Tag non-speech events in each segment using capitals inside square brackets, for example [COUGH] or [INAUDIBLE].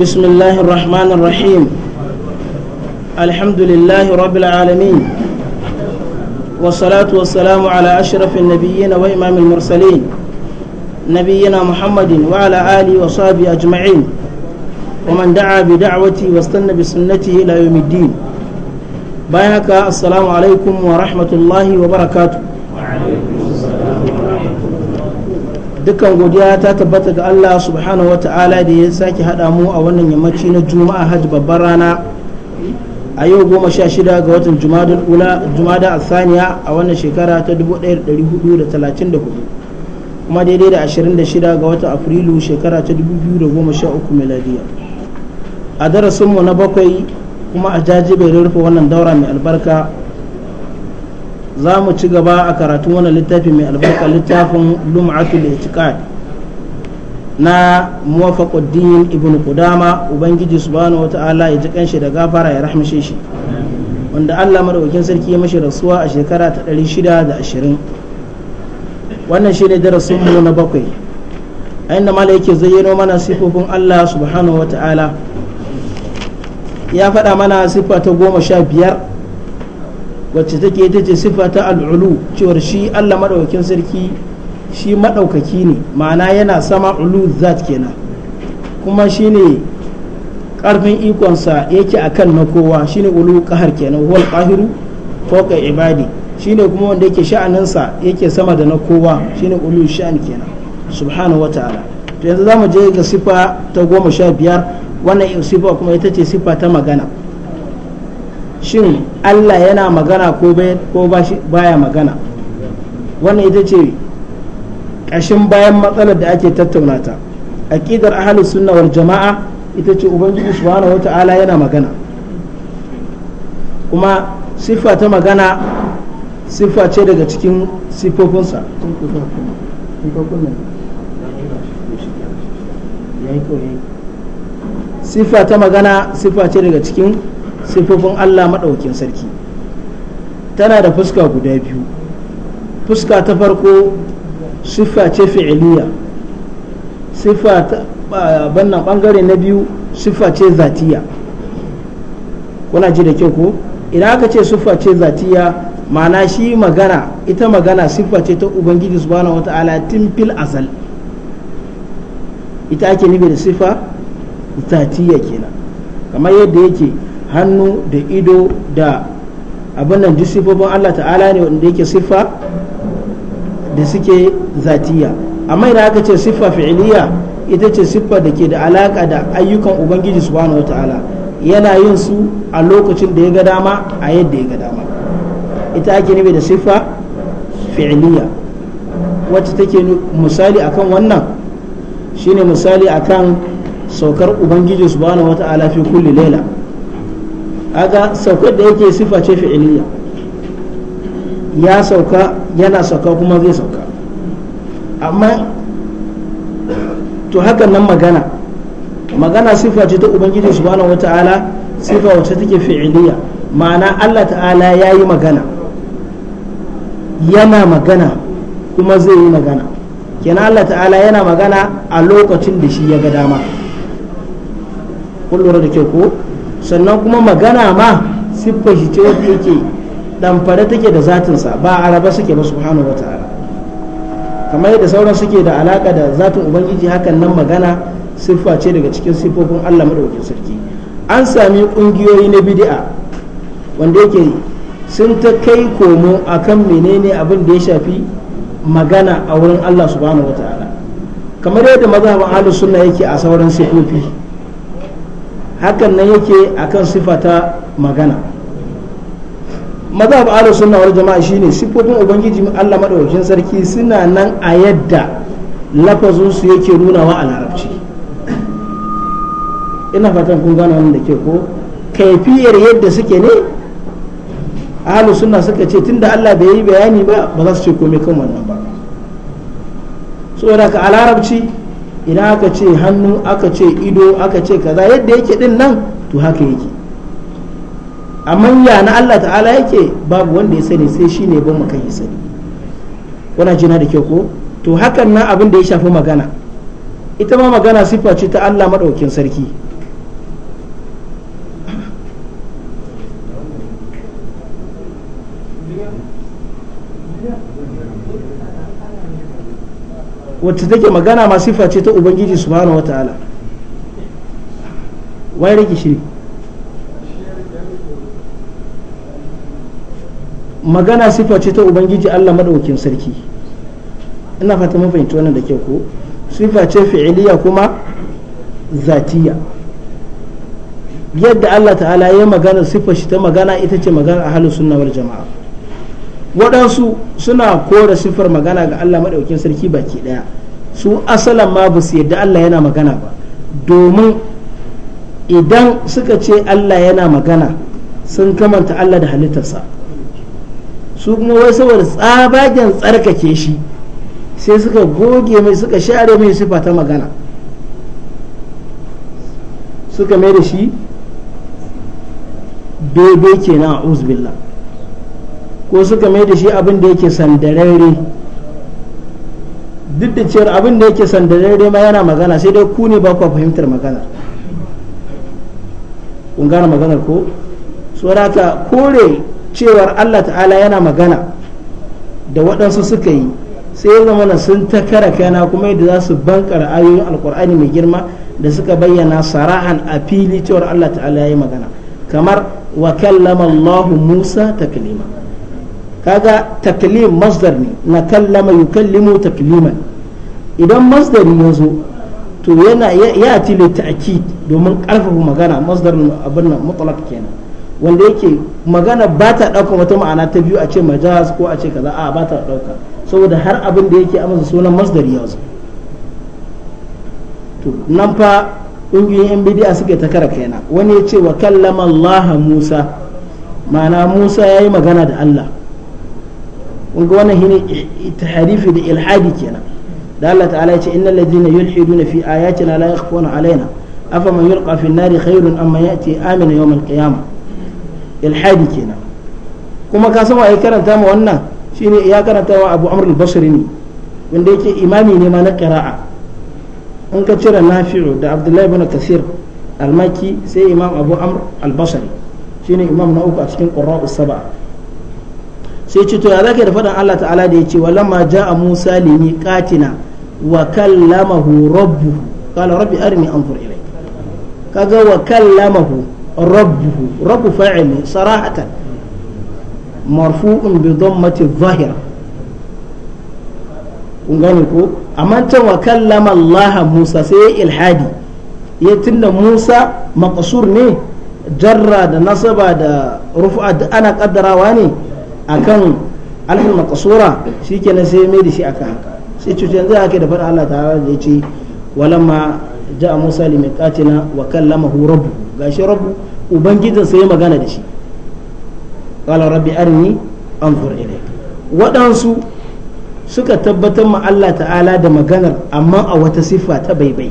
بسم الله الرحمن الرحيم الحمد لله رب العالمين والصلاة والسلام على أشرف النبيين وإمام المرسلين نبينا محمد وعلى آله وصحبه أجمعين ومن دعا بدعوته واستنى بسنته إلى يوم الدين بايعك السلام عليكم ورحمة الله وبركاته dukkan godiya ta tabbata ga Allah subhanahu wa ta'ala da ya sake haɗa mu a wannan yammaci na juma'a hajji babbar rana a yau goma sha shida ga watan jumada a saniya a wannan shekara ta 1434 kuma daidai da 26 ga watan afrilu shekara ta 2013 miladiya a darasinmu na bakwai kuma a jajiberin rufe wannan daura mai albarka za mu ci gaba a karatun wani littafi mai albarka littafin lum'atul itiqad na muwafaquddin ibn kudama ubangiji subhanahu wata'ala ya ji kanshi da gafara ya rahmashe shi wanda Allah madaukakin sarki ya mashi rasuwa a shekara ta 620 wannan shine darasin mu na bakwai a inda mala yake zayyano mana sifofin Allah subhanahu wata'ala ya faɗa mana sifa ta goma sha biyar wacce take ita ce siffa ta al'ulu cewar shi Allah madaukakin sarki shi madaukaki ne ma'ana yana sama ulu zat kenan kuma shine karfin ikonsa yake akan na kowa shine ulu qahar kenan wal qahiru fawqa ibadi shine kuma wanda yake sha'aninsa yake sama da na kowa shine ulu sha'an kenan subhanahu wataala to yanzu zamu je ga sifa ta goma sha biyar wannan sifa kuma ita ce sifa ta magana shin Allah yana magana ko baya magana wannan ita ce ƙashin bayan matsalar da ake tattaunata ta aƙidar ahalus sunna jama'a ita ce ubangiji subhanahu wata'ala yana magana kuma siffa ta magana siffa ce daga cikin siffofinsa siffa ta magana siffa ce daga cikin sifofin Allah maɗaukin sarki tana da fuska guda biyu fuska ta farko siffa ce fi'iliya siffa ta bannan na biyu siffa ce zatiya kuna ji da kyau ko idan aka ce siffa ce zatiya ma'ana shi magana ita magana siffa ce ta ubangiji subhanahu wata'ala tun fil asal ita ake nufi da siffa zatiya kenan kamar yadda yake hannu da ido da abinnan nan sifofin Allah ta'ala ne wanda yake siffa da suke zatiya amma idan aka ce siffa fi'iliya ita ce siffa da ke da alaka da ayyukan ubangiji subhanahu wa ta'ala yana yin su a lokacin da ya ga dama a yadda ya ga dama ita ake nufi da sifa fi'iliya wacce take misali akan wannan shine misali akan saukar ubangiji subhanahu wa ta'ala fi kulli laila aga saukar da yake sifa ce fi'iliya ya sauka yana sauka kuma zai sauka amma to haka nan magana magana sifa ce ta ubangiji subhanahu ta'ala sifa wacce take fi'iliya ma'ana Allah ta'ala ya yi magana yana magana kuma zai yi magana kenan Allah ta'ala yana magana a lokacin da shi ya ga dama kullum da ke ko sannan kuma magana ma siffar shi ce wadda yake damfare take da zatinsa ba a raba suke ba subhanahu wa ta'ala kamar yadda sauran suke da alaka da zatin ubangiji hakan nan magana siffa ce daga cikin sifofin allah maɗaukin sarki an sami ƙungiyoyi na bidi'a wanda yake sun ta kai komo akan menene abin da ya shafi magana a wurin allah subhanahu wa ta'ala kamar yadda mazhabin ahlus sunna yake a sauran siffofi hakan nan yake akan sifata magana mazhab ahlus sunna wal jama'a shine sifofin ubangiji Allah madaukakin sarki suna nan a yadda lafazin su yake nunawa a larabci ina fatan kun gane wannan da ke ko kaifiyar yadda suke ne ahlus sunna suka ce tunda Allah bai yi bayani ba ba za su ce komai kan wannan ba saboda ka a larabci idan aka ce hannu aka ce ido aka ce kaza yadda yake din nan to haka yake amma ya na Allah ta'ala yake babu wanda ya sani sai shine ban makan ya sani kuna jina da kyau ko to hakan nan abin da ya shafi magana ita ma magana sifa ce ta Allah madaukin sarki wacce take magana ma sifa ce ta ubangiji subhanahu ta'ala wai rage shi magana sifa ce ta ubangiji Allah madaukakin sarki ina fata mun fahimci wannan da kyau ko sifa ce fi'iliya kuma zatiya yadda Allah ta'ala ya magana sifa shi ta magana ita ce magana ahlus sunna wal jama'a waɗansu suna kora siffar magana ga Allah maɗaukin sarki baki ɗaya su asalan ma ba su yadda Allah yana magana ba domin idan suka ce Allah yana magana sun kamanta Allah da halittarsa su kuma wai saboda tsabagen tsarkake shi sai suka goge mai suka share mai sifa ta magana suka mai da shi bebe kenan a uzbillah ko suka mai da shi abin da yake sandararre duk da cewar abin da yake sandararre ma yana magana sai dai ku ne ba ku fahimtar magana kun gane maganar ko tsoraka kore cewar allah ta'ala yana magana da waɗansu suka yi sai ya zama sun ta kara kana kuma yadda za su bankar ayoyin alkur'ani mai girma da suka bayyana sarahan a fili cewar allah ta'ala ya yi magana kamar wa kallama allahu musa taklima kaga taklim masdar ne na kallama yukallimu takliman idan masdari ya zo to yana ya tilo ta'kid domin karfafa magana masdar abin nan mutlaq kenan wanda yake magana ba ta dauka wata ma'ana ta biyu a ce majaz ko a ce kaza a ba ta ɗauka saboda har abin da yake amsa sunan masdar ya zo to nan fa ƙungiyoyin yan bidiya suke ta kara kaina wani ya ce wa kallama Allah Musa ma'ana Musa ya yi magana da Allah in ga wannan shine tahrifi da ilhadi kenan da Allah ta'ala ya ce innal ladina yulhiduna fi ayatina la yakhfuna alaina afa man yulqa fi an-nari khairun amma ya'ti amina yawm al-qiyamah ilhadi kenan kuma ka san wai karanta mu wannan shine ya karanta wa Abu Amr al-Basri ne wanda yake imami ne ma na qira'a in ka cire Nafi'u da Abdullahi ibn Kathir al-Makki sai Imam Abu Amr al-Basri shine imam na uku a cikin qurra'us sab'a sai ce to ya zaka da faɗin Allah ta'ala da ya ce walamma ja'a Musa limi katina wa kallamahu rabbu qala rabbi arini anzur ilayk kaga wa kallamahu rabbuhu rabbu fa'ili sarahatan marfu'un bi dhammati dhahira kun gane ko amma ta wa kallama Allah Musa sai ilhadi ya tunda Musa maqsur ne jarra da nasaba da rufa ana kaddarawa ne akan alfil maqsura shikenan sai mai da shi aka haka sai cuta yanzu ake da fara Allah ta'ala da yace walamma ja'a Musa limiqatina wa kallamahu rabbu gashi rabbu ubangijin sai magana da shi qala rabbi arini anzur ilayk waɗansu suka tabbatar ma Allah ta'ala da maganar amma a wata siffa ta baibai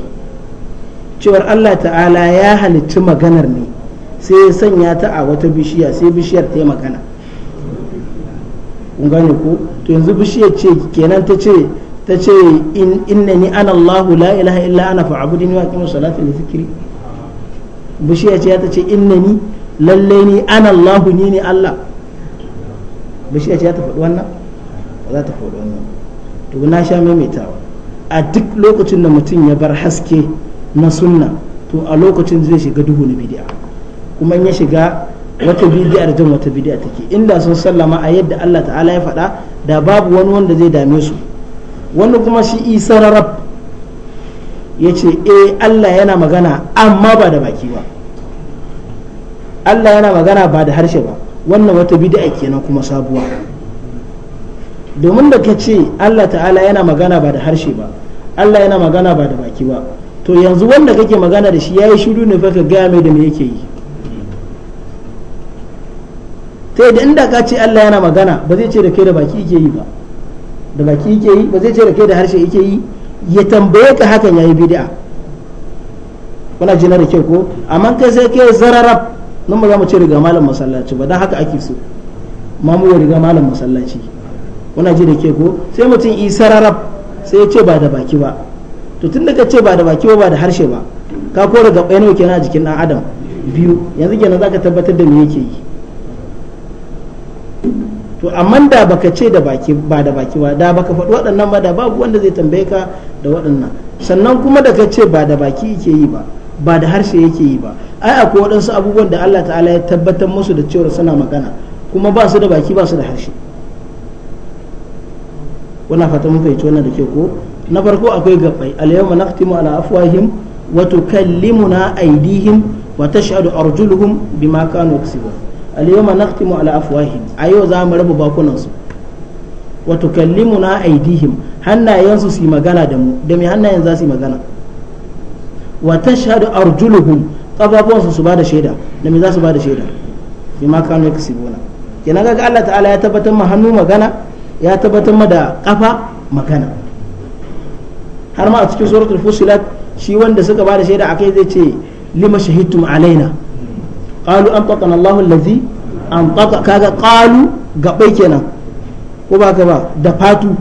cewar Allah ta'ala ya halicci maganar ne sai ya sanya ta a wata bishiya sai bishiyar ta yi magana kun gane ko to yanzu bishiyar ce kenan ta ce ta ce ni ana Allah la ilaha illa ana fa'budini wa aqimus salata li dhikri bishiyar ce ta ce ni lalle ni ana Allah ni ne Allah bishiyar ce ta faɗi wannan ba za ta faɗi wannan to na sha maimaitawa a duk lokacin da mutum ya bar haske na sunna to a lokacin zai shiga duhu na bid'a kuma ya shiga wata bidiya da jin wata bidiya take inda sun sallama a yadda Allah ta'ala ya faɗa da babu wani wanda zai dame su wani kuma shi isa rarab ya ce e Allah yana magana amma ba da baki ba Allah yana magana ba da harshe ba wannan wata bidiya kenan kuma sabuwa domin da ka ce Allah ta'ala yana magana ba da harshe ba Allah yana magana ba da baki ba to yanzu wanda kake magana da shi ya yi shudu ne fa ka gaya mai da me yake yi ta da inda ka ce Allah yana magana ba zai ce da kai da baki yake yi ba da baki yake yi ba zai ce da kai da harshe yake yi ya tambaye ka hakan yayi bid'a kuna jina da kyau ko amma kai sai kai zararab nan ba za mu ce riga malam masallaci ba dan haka ake so ma mu riga malam masallaci kuna ji da kyau ko sai mutum yi sararab sai ya ce ba da baki ba to tun da ka ce ba da baki ba ba da harshe ba ka kora gaba nawa kenan a jikin dan adam biyu yanzu kenan zaka tabbatar da me yake yi to amma da baka ce da baki ba da baki ba da baka faɗi waɗannan ba da babu wanda zai tambaye ka da waɗannan sannan kuma da ka ce ba da baki yake yi ba ba da harshe yake yi ba ai akwai waɗansu abubuwan da Allah ta'ala ya tabbatar musu da cewa suna magana kuma ba su da baki ba su da harshe wannan fata mun fahimci wannan da ke ko na farko akwai gabbai al-yawma naqtimu ala afwahim wa tukallimuna aydihim wa tashhadu arjuluhum bima kanu yaksibun aliyoma na nakhtimu ala afwahihim a yau za mu raba bakunansu wato kallimu na aidihim hannayensu su yi magana da mu da mai hannayen za su yi magana wa tashhadu arjuluhum ƙafafuwansu su su bada shaida da mai za su bada shaida bima kanu yaksibuna kenan ga Allah ta'ala ya tabbatar ma hannu magana ya tabbatar ma da kafa magana har ma a cikin suratul fusilat shi wanda suka bada shaida akai zai ce lima shahidtum alaina an qalu anfaqana Allahu an anfaqa kaga qalu gabai kenan ko ba ka ba da fatu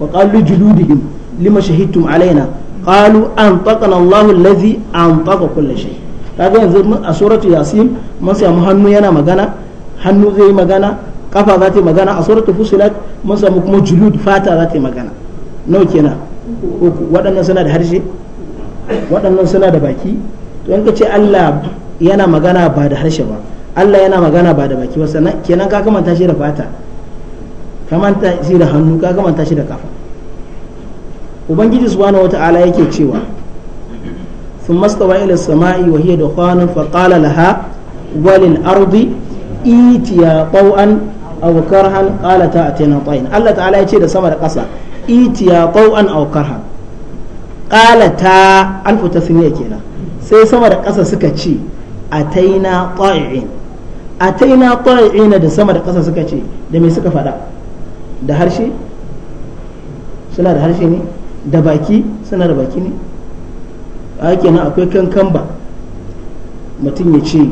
wa qalu juludihim lima shahidtum alaina an qalu anfaqana an allazi kulle shi. shay ga yanzu a suratu yasin mun samu hannu yana magana hannu zai magana ƙafa za ta magana a suratu fusilat mun samu kuma julud fata za ta magana nau kenan waɗannan suna da harshe waɗannan suna da baki to in ka ce Allah yana magana ba da harshe ba Allah yana magana ba da baki ba sannan kenan ka kamanta shi da fata ka manta shi da hannu ka kamanta shi da kafa ubangiji subhanahu wata'ala yake cewa sun mastawa ila sama'i wa hiya dukhanun fa qala laha walil ardi itiya qaw'an aw karhan qala ta atina tayin Allah ta'ala yace da sama da ƙasa itiya qaw'an aw karhan qala ta alfu tasniya kenan sai sama da ƙasa suka ce ataina ta'i'in ataina ta'i'in da sama da ƙasa suka ce da me suka faɗa da harshe suna da harshe ne da baki suna da baki ne a kenan akwai kankamba mutum ya ce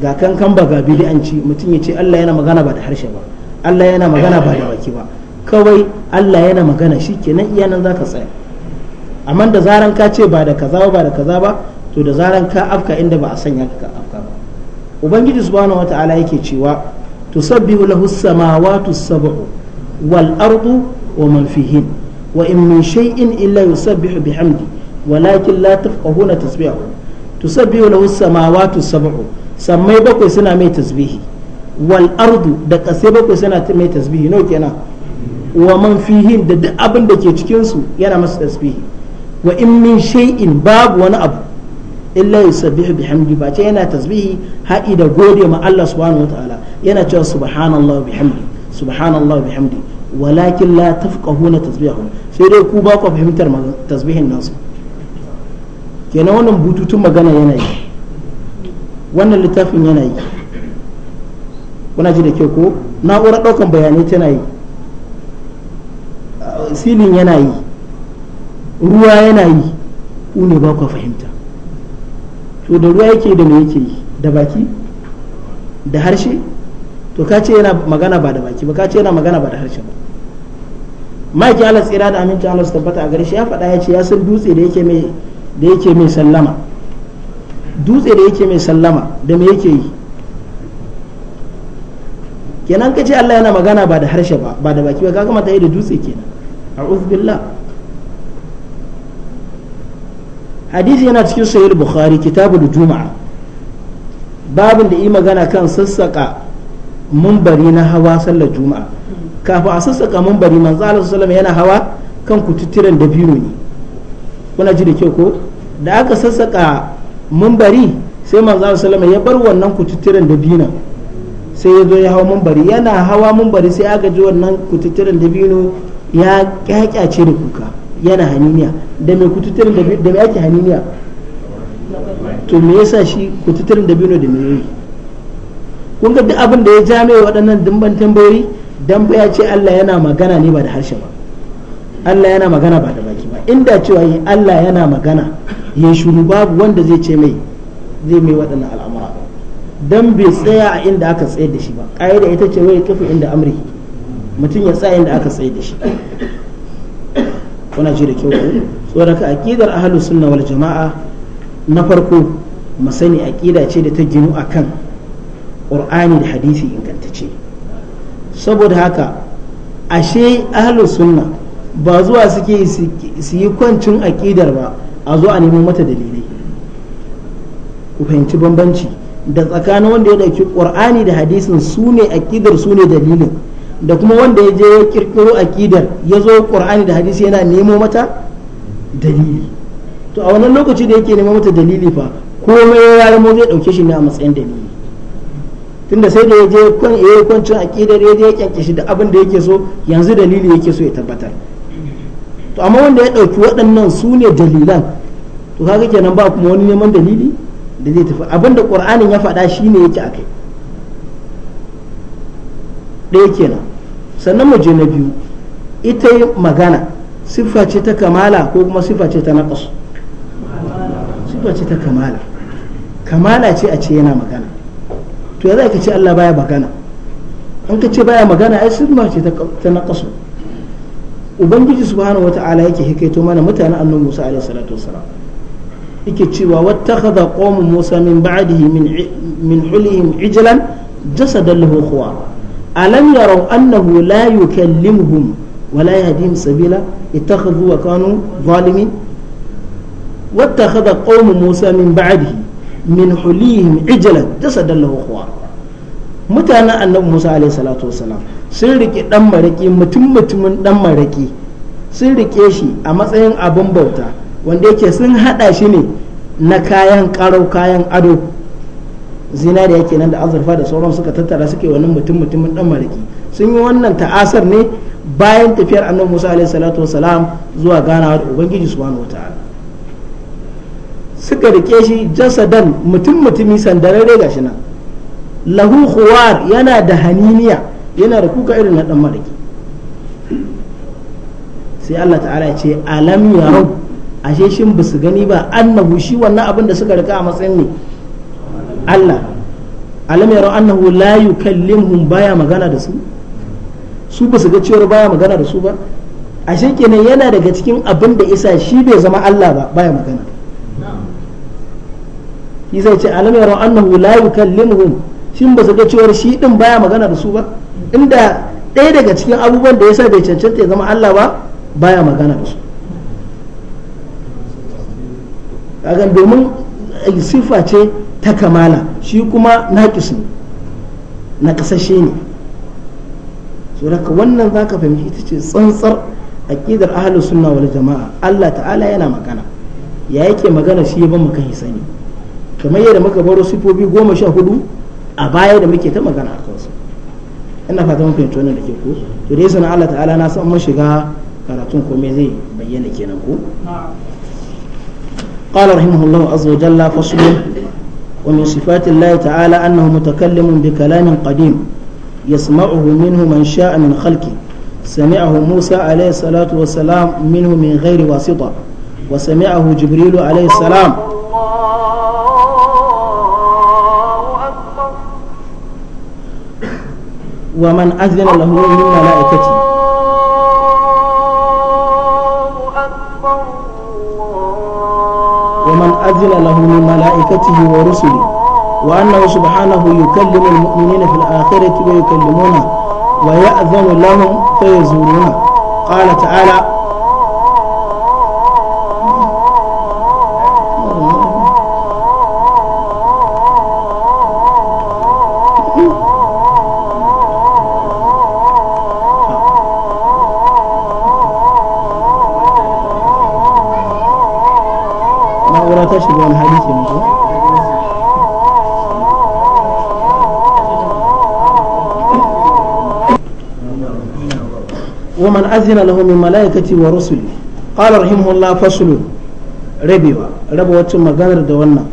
ga kankamba ga bid'anci mutum ya ce Allah yana magana ba da harshe ba Allah yana magana ba da baki ba kawai Allah yana magana shi kenan iya nan zaka tsaya amma da zaran ka ce ba da kaza ba da kaza ba to da zaran ka afka inda ba a sanya ka afka ba ubangiji subhanahu wata'ala yake cewa tusabbihu lahu samawati sab'u wal ardu wa man fihin wa in min shay'in illa yusabbihu bihamdi walakin la tafqahuna tasbihahu tusabbihu lahu samawati sab'u sammai bakwai suna mai tasbihi wal ardu da kasai bakwai suna mai tasbihi no kenan wa man fihin da duk abin da ke cikin su yana masa tasbihi wa in min shay'in babu wani abu illa yusabbihu bihamdi ba ce yana tasbihi haɗi da gode ma Allah subhanahu wataala yana cewa subhanallah bihamdi subhanallah bihamdi walakin la tafqahuna tasbihahum sai dai ku ba ku fahimtar tasbihin nasu kenan wannan bututun magana yana yi wannan littafin yana yi kuna ji da ke ko na'urar ɗaukan bayanai tana yi silin yana yi ruwa yana yi ku ne ba ku fahimta to da ruwa yake da me yake yi da baki da harshe to ka ce yana magana ba da baki ba ka ce yana magana ba da harshe ba maki Allah tsira da aminci Allah su tabbata a gare shi ya faɗa ya ce ya san dutse da yake mai da yake mai sallama dutse da yake mai sallama da me yake yi kenan ka ce Allah yana magana ba da harshe ba ba da baki ba ka kamata ta yi da dutse kenan a'udhu billah hadisi yana cikin sahih bukhari al juma'a babin da yi magana kan sassaka mumbari na hawa sallar juma'a kafin a sassaka mumbari manzo Allah sallallahu yana hawa kan kututturen da biro ne kuna ji da kyau ko da aka sassaka mumbari sai manzo Allah sallallahu ya bar wannan kututturen da bino sai ya zo ya hawa mumbari yana hawa mumbari sai aka ji wannan kututturen da bino ya kyakyace da kuka yana haniniya da mai kututturin da mai ake haniniya to me yasa shi kututturin da bino da me yi kun ga duk abin da ya ja mai waɗannan dimban tambayoyi dan ya ce Allah yana magana ne ba da harshe ba Allah yana magana ba da baki ba inda cewa yi Allah yana magana ya shuru babu wanda zai ce mai zai mai waɗannan al'amura dan bai tsaya a inda aka tsayar da shi ba ƙa'ida ita ce wai kafi inda amri mutum ya tsaya inda aka tsayar da shi kuna ji da kyau tsoron ka aqidar ahlus sunna wal jama'a na farko mu sani aqida ce da ta ginu akan qur'ani da hadisi ingantacce saboda haka ashe ahlus sunna ba zuwa suke su yi kwancin aqidar ba a zo a neman mata dalilai ku fahimci bambanci da tsakanin wanda ya dauki qur'ani da hadisin su ne aqidar su ne dalilin da kuma wanda ya je ya kirkiro akidar ya zo qur'ani da hadisi yana nemo mata dalili to a wannan lokaci da yake nemo mata dalili fa komai ya mu zai dauke shi ne a matsayin dalili tunda sai da ya je kwan ya kwancin akidar ya je ya da abin da yake so yanzu dalili yake so ya tabbatar to amma wanda ya dauki waɗannan su ne dalilan to kaga kenan ba kuma wani neman dalili da zai tafi abin da qur'anin ya faɗa shine yake akai ɗaya kenan sannan mu je na biyu ita magana siffa ce ta kamala ko kuma siffa ce ta naqas siffa ce ta kamala kamala ce a ce yana magana to ya za ka ce Allah baya magana an ka ce baya magana ai siffa ce ta naqas ubangiji subhanahu wata'ala yake hikaito mana mutanen annabi Musa alaihi salatu wasalam yake cewa wattakhadha qawmu Musa min ba'dihi min min hulihim ijlan jasadan lahu khuwara alam yarau annahu la yukallimuhum wala yahdihim sabila ittakhadhu wa kanu zalimin واتخذ قوم موسى من بعده من حليهم عجلا جسدا له خوار mutanen annabi musa alayhi salatu wasalam sun rike dan maraki mutum mutumin dan maraki sun rike shi a matsayin abin bauta wanda yake sun hada shi ne na kayan karau kayan ado yake nan da azurfa da sauran suka tattara suke wani mutum mutumin dan malaki sun yi wannan ta'asar ne bayan tafiyar annabi Musa alaihi salatu wasalam zuwa ganawa da ubangiji subhanahu wataala suka rike shi jasadan mutum mutumi sandararre gashi nan lahu khuwar yana da haniniya yana da kuka irin na dan malaki sai Allah ta'ala ya ce alam rab ashe shin basu gani ba annabu shi wannan abin da suka rika a matsayin ne Allah alam yaro annahu la yukallimhum baya magana da su su ba su ga cewar baya magana da su ba ashe kenan yana daga cikin abin da isa shi bai zama Allah ba baya magana shi zai ce alam yaro annahu la yukallimhum shin ba su ga cewa shi din baya magana da su ba inda ɗaya daga cikin abubuwan da yasa bai cancanta ya zama Allah ba baya magana da su kaga domin sifa ce ta kamala shi kuma na ne na kasashe ne so daga wannan za ka fahimci ita ce tsantsar aƙidar ahalu sunna wal jama'a Allah ta'ala yana magana ya yake magana shi ban mu yi sani kamar yadda muka baro sifofi goma sha hudu a baya da muke ta magana a kansu ina fata mun fahimci wannan da ke ko to dai sanan Allah ta'ala na san mun shiga karatun ko me zai bayyana kenan ku. قال رحمه الله ومن صفات الله تعالى أنه متكلم بكلام قديم يسمعه منه من شاء من خلقه سمعه موسى عليه الصلاة والسلام منه من غير واسطة وسمعه جبريل عليه السلام ومن أذن له من ملائكته man azina lahu min mala'ikatihi wa rusuli wa annahu subhanahu yukallimu almu'minina fil akhirati wa yukallimuna wa ya'zamu lahum fa yazuruna qala ta'ala ta ta shiga wani hali kenan ko ومن أذن له من ملائكته ورسله قال رحمه الله فصل ربيوا ربوا ثم غنر دوانا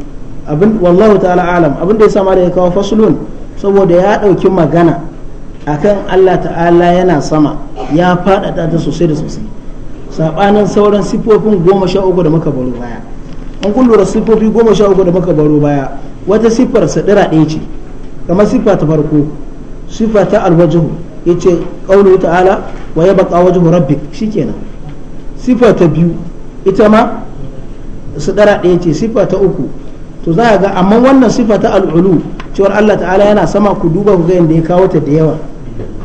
abin wallahu ta'ala alam abin da ya sama da ya kawo fasulun saboda ya ɗauki magana akan Allah ta'ala yana sama ya faɗaɗa ta sosai da sosai saɓanin sauran sifofin goma sha uku da muka baro baya an kullura siffofi goma sha uku da muka baro baya wata siffar dira ɗaya ce kamar siffa ta farko siffa ta alwajihu ce ƙaunar ta'ala wa ya baƙa wajen rabbik kenan siffa ta biyu ita ma sadara ɗaya ce siffa ta uku to za a ga amma wannan siffa ta al'ulu cewar Allah ta'ala yana sama ku duba ku ga da ya kawo ta da yawa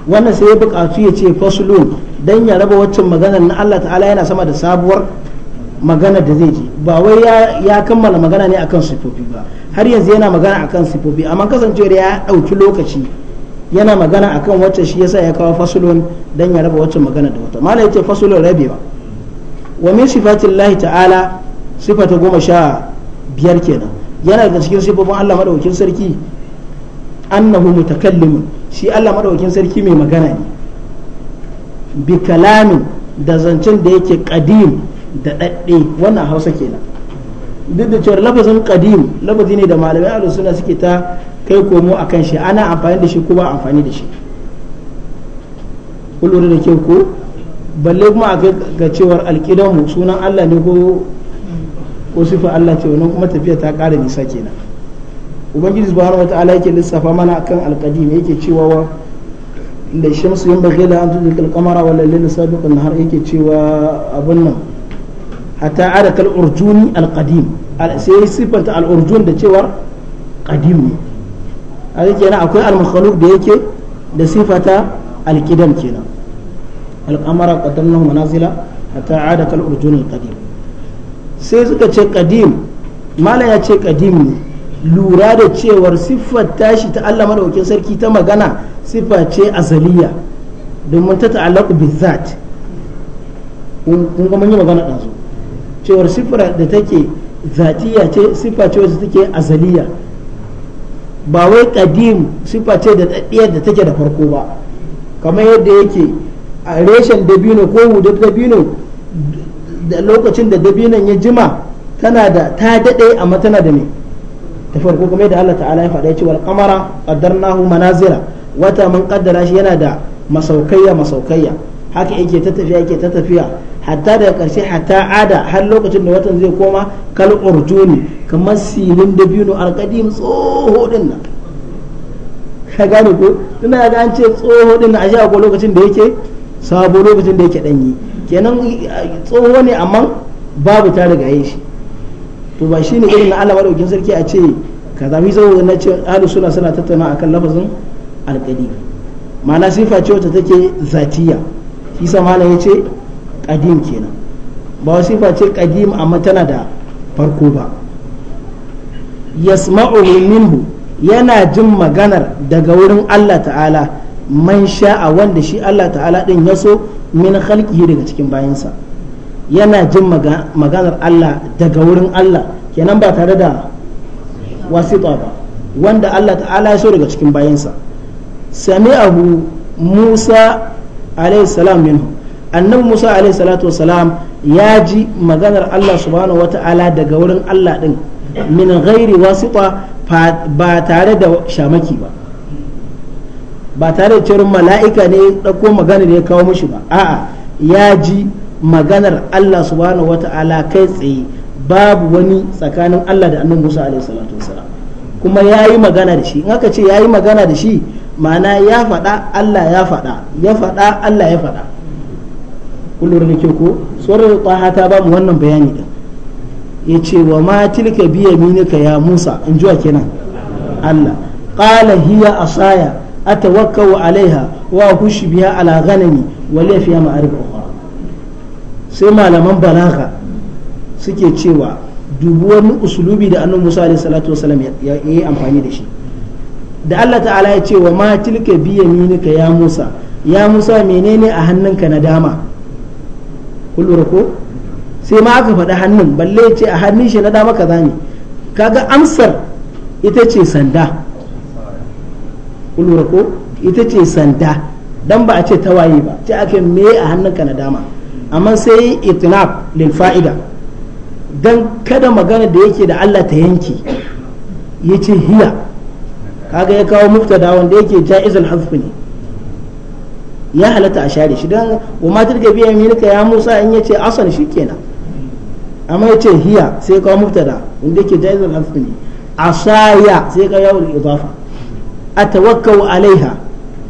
wannan sai ya buƙatu ya ce fasulun don ya raba waccan maganar na Allah ta'ala yana sama da sabuwar magana da zai ji ba wai ya kammala magana ne akan sifofi ba har yanzu yana magana akan sifofi amma kasancewar ya ɗauki lokaci yana magana akan wacce shi yasa ya kawo fasulun dan ya raba wacce magana da wata malai yace fasulun rabewa wa min lahi ta'ala sifata goma sha biyar kenan yana da cikin sifofin Allah madaukakin sarki annahu mutakallimun shi Allah madaukakin sarki mai magana ne bi kalamin da zancen da yake qadim da ɗaɗɗe wannan hausa kenan duk da cewar lafazin kadim lafazi ne da malamai a suna suke ta kai komo a kan shi ana amfani da shi ko ba amfani da shi kullum da kyau ko balle kuma a ga cewar alƙidanmu sunan Allah ne ko ko sifa Allah ce wannan kuma tafiya ta ƙara nisa kenan ubangiji subhanahu wata'ala yake lissafa mana akan alqadim yake cewa wa da shamsu yan bagila an tudil qamara wa layli sabiqun har yake cewa abun nan hatta ada kal urjuni al qadim sai sifanta al urjun da cewar qadim ne a kenan akwai al makhluq da yake da sifata al qidam kenan al qamara qaddamnahu manazila hatta ada kal urjun al qadim sai suka ce qadim mala ya ce qadim ne lura da cewar siffar tashi ta Allah madaukakin sarki ta magana siffa ce azaliya domin ta ta'allaqu bizat kun ga mun yi magana ɗazu cewar sifra da take zatiya ce sifa ce wacce take azaliya ba wai kadim sifa ce da daddiyar da take da farko ba kamar yadda yake a reshen dabino ko hudar dabino da lokacin da dabinon ya jima tana da ta daɗe amma tana da ne ta farko kamar yadda Allah ta'ala ya faɗa ya ce wal qamara qaddarnahu manazira wata man kaddara shi yana da masaukayya masaukayya haka yake ta tafiya yake ta tafiya hatta daga karshe hatta ada har lokacin da watan zai koma kal urjuni kamar silin no alqadim tsoho din nan ka gane ko tana ga an ce tsoho din nan shi akwai lokacin da yake sabo lokacin da yake danyi kenan eh, tsoho ne amma babu ta riga yin shi to ba shine irin na Allah madaukakin sarki a ce ka mi zo na ce ahlus sunna suna tattauna akan lafazin alqadim ma'ana sifa ce wacce take zatiya shi sa malam ce. qadim kenan ba wasifa ce qadim amma tana da farko ba yasma'u minhu yana jin maganar daga wurin Allah ta'ala man sha'a wanda shi Allah ta'ala din ya so min halki daga cikin bayansa yana jin maganar Allah daga wurin Allah kenan ba tare da wasita ba wanda Allah ta'ala ya so daga cikin bayansa sami'ahu Musa alayhi salam minhu annan Musa alaihi salatu wasalam ya ji maganar Allah subhanahu ta'ala daga wurin Allah din min ghairi wasita ba tare da shamaki ba ba tare da cirin mala'ika ne ɗauko maganar ya kawo mushi ba a'a ya ji maganar Allah subhanahu ta'ala kai tsaye babu wani tsakanin Allah da annan Musa alaihi salatu wasalam kuma ya yi magana da shi in aka ce ya yi magana da shi ma'ana ya faɗa Allah ya faɗa ya faɗa Allah ya faɗa kullum da ke ko tsoron taha ta ba mu wannan bayani din ya ce wa ma tilka biya minika ya musa in jiwa kenan allah qala hiya asaya atawakkau alaiha wa hushi biya ala ghanami wa lafiya ma'arif ukhra sai malaman balaga suke cewa dubu wani usulubi da annabi musa alaihi salatu wasalam ya yi amfani da shi da allah ta'ala ya ce wa ma tilka biya minika ya musa ya musa menene a hannunka na dama kun ko sai ma aka faɗi hannun balle ya ce a hannun shi na dama kaza ne kaga amsar ita ce sanda kun ko ita ce sanda dan ba a ce tawaye ba ce ake me a hannunka na dama amma sai itinaf lil fa'ida dan kada magana da yake da Allah ta yanke yace hiya kaga ya kawo muftada wanda yake jaizul hazf ne ya halatta a share shi don wa matar gabi ya milka ya musa in ya ce asan shi kenan amma ya ce hiya sai kawo mubtada wanda yake jaizar alfi ne asaya sai kawo yawon a atawakkau alaiha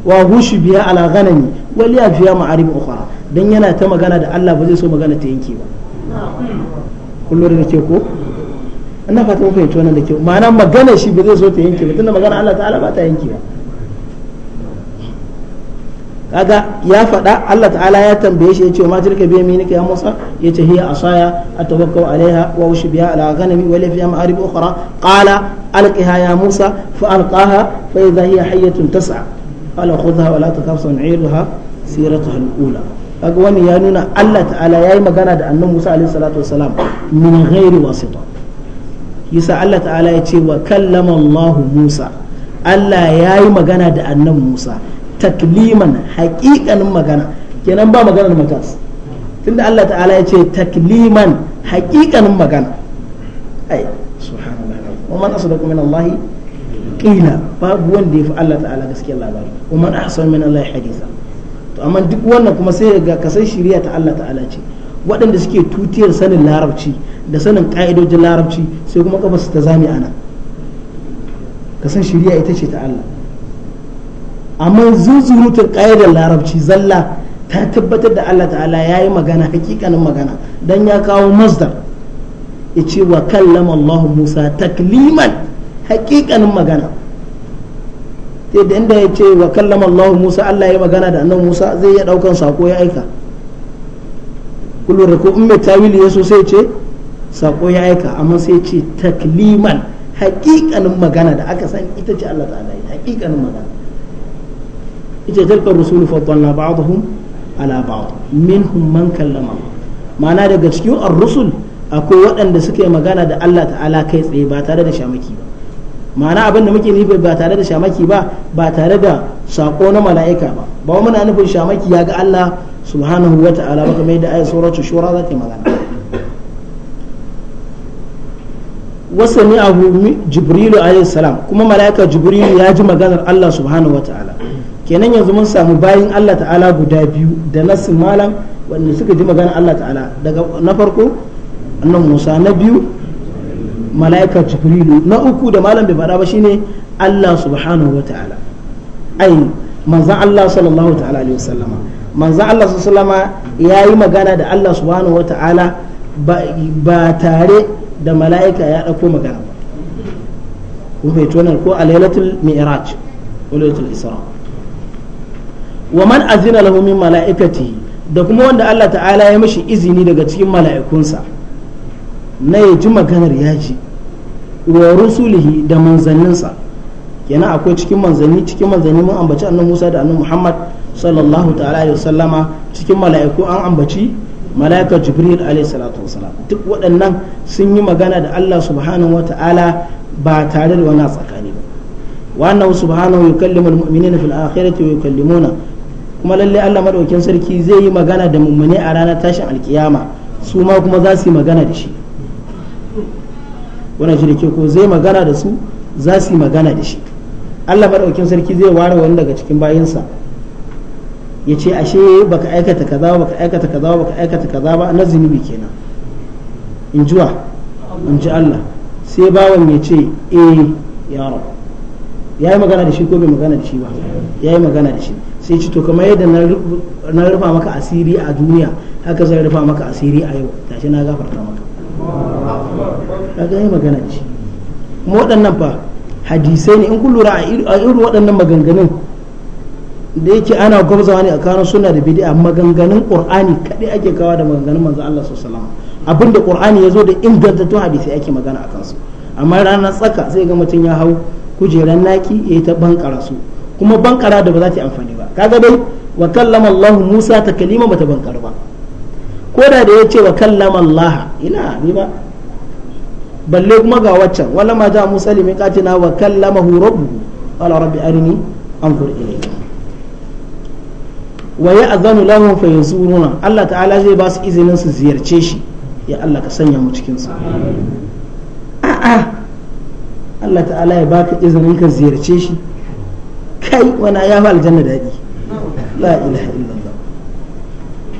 wa hushu biya ala ghanami wal ya fiya ma'arib ukhra dan yana ta magana da Allah ba zai so magana ta yanke ba kullum da ke ko ina fata mun fahimci wannan da ke ma'ana magana shi ba zai so ta yanke ba tunda magana Allah ta'ala ba ta yanke ba kaga ya faɗa Allah ta'ala ya tambaye shi ya ce ma tilka bi yaminika ya Musa ya ce hiya asaya atawakkau alaiha wa ushi biha ala ghanami wa lafiya ma'arib ukhra qala alqiha ya Musa fa alqaha fa idha hiya hayyatun tas'a qala khudha wa la takhaf san'iruha siratuha al-ula kaga wani ya nuna Allah ta'ala yayi magana da annabi Musa alaihi salatu wassalam min ghairi wasita yasa Allah ta'ala ya ce wa kallama Allah Musa Allah yayi magana da annabi Musa takliman haƙiƙanin magana kenan ba magana da matas tunda Allah ta'ala ya ce takliman haƙiƙanin magana ai subhanallah wa man asdaqu min Allah qila babu wanda yafi Allah ta'ala gaskiyar labari wa man ahsan min Allah haditha to amma duk wannan kuma sai ga kasai shari'a ta Allah ta'ala ce waɗanda suke tutiyar sanin larabci da sanin ƙa'idojin larabci sai kuma kafa su ta zami ana kasan shari'a ita ce ta Allah amma zunzurutun ƙayyadar larabci zalla ta tabbatar da Allah ta'ala ya yi magana hakikanin magana don ya kawo mazdar ya ce wa kallama Allah Musa takliman hakikanin magana da inda ya ce wa kallama Allah Musa Allah ya magana da annan Musa zai iya ɗaukan sako ya aika kullum da ko in mai tawili ya so sai ce sako ya aika amma sai ce takliman hakikanin magana da aka san ita ce Allah ta'ala hakikanin magana ita tilka rusul faddalna ba'dahum ala ba'd minhum man kallama ma'ana daga cikin ar-rusul akwai waɗanda suka yi magana da Allah ta'ala kai tsaye ba tare da shamaki ba ma'ana abin da muke nufi ba tare da shamaki ba ba tare da sako na mala'ika ba ba muna nufin shamaki ya ga Allah subhanahu wa ta'ala ba kamar yadda ayat suratul shura za ta magana. magana abu jibrilu alayhi salam kuma mala'ika jibrilu ya ji maganar Allah subhanahu wa ta'ala kenan yanzu mun samu bayin Allah ta'ala guda biyu da nassin malam wanda suka ji magana Allah ta'ala daga na farko annan Musa na biyu mala'ika Jibrilu na uku da malam bai faɗa ba shine Allah subhanahu wa ta'ala ai manzon Allah sallallahu ta'ala alaihi wasallama manzon Allah sallallahu alaihi ya yi magana da Allah subhanahu wa ta'ala ba tare da mala'ika ya ɗauko magana ba kun fahimci ko a lailatul mi'raj ko lailatul isra' wa man azina lahu min mala'ikatihi da kuma wanda Allah ta'ala ya mishi izini daga cikin mala'ikunsa na ya ji maganar ya ji wa rusulihi da manzanninsa kenan akwai cikin manzanni cikin manzanni mun ambaci annabi Musa da annabi Muhammad sallallahu ta'ala alaihi wasallama cikin mala'iku an ambaci mala'ikar jibril alaihi salatu wasalam duk waɗannan sun yi magana da Allah subhanahu wa ta'ala ba tare da wani tsakani ba wa annahu subhanahu yukallimu al-mu'minina fil akhirati wa yukallimuna kuma lalle Allah madaukin sarki zai yi magana da mummune a ranar tashin alkiyama su ma kuma za su yi magana da shi wannan shi da ke ko zai magana da su za su yi magana da shi Allah madaukin sarki zai ware wani daga cikin bayinsa ya ce ashe baka aikata kaza ba baka aikata kaza ba baka aikata kaza ba na zunubi kenan in jiwa in ji Allah sai bawan ya ce eh ya rabu ya yi magana da shi ko bai magana da shi ba ya yi magana da shi sai ci to kamar yadda na rufa maka asiri a duniya haka zai rufa maka asiri a yau tashi na gafarta maka kaga yi magana ce kuma waɗannan fa hadisai ne in kun lura a irin waɗannan maganganun da yake ana gwamzawa ne a kanun suna da bidi'a maganganun ƙur'ani kaɗai ake kawo da maganganun manzo Allah sallallahu alaihi abinda ƙur'ani ya zo da ingantattun hadisai ake magana a kansu amma ranar tsaka sai ga mutum ya hau kujeran naki ya yi ta ban karasu kuma bankara da ba za ta amfani ba kaga dai wa kallama Allah Musa ta kalima bata bankara ba ko da da yace wa kallama Allah ina ni ba balle kuma ga waccan wala ma ja Musa na wa kallamahu rabbuhu qala rabbi arini anzur ilayka wa ya'zanu lahum yazuruna Allah ta'ala zai ba su izinin su ziyarce shi ya Allah ka sanya mu cikin su a'a Allah ta'ala ya baka izinin ka ziyarce shi kai wani ya fi aljanna daɗi la ilaha illallah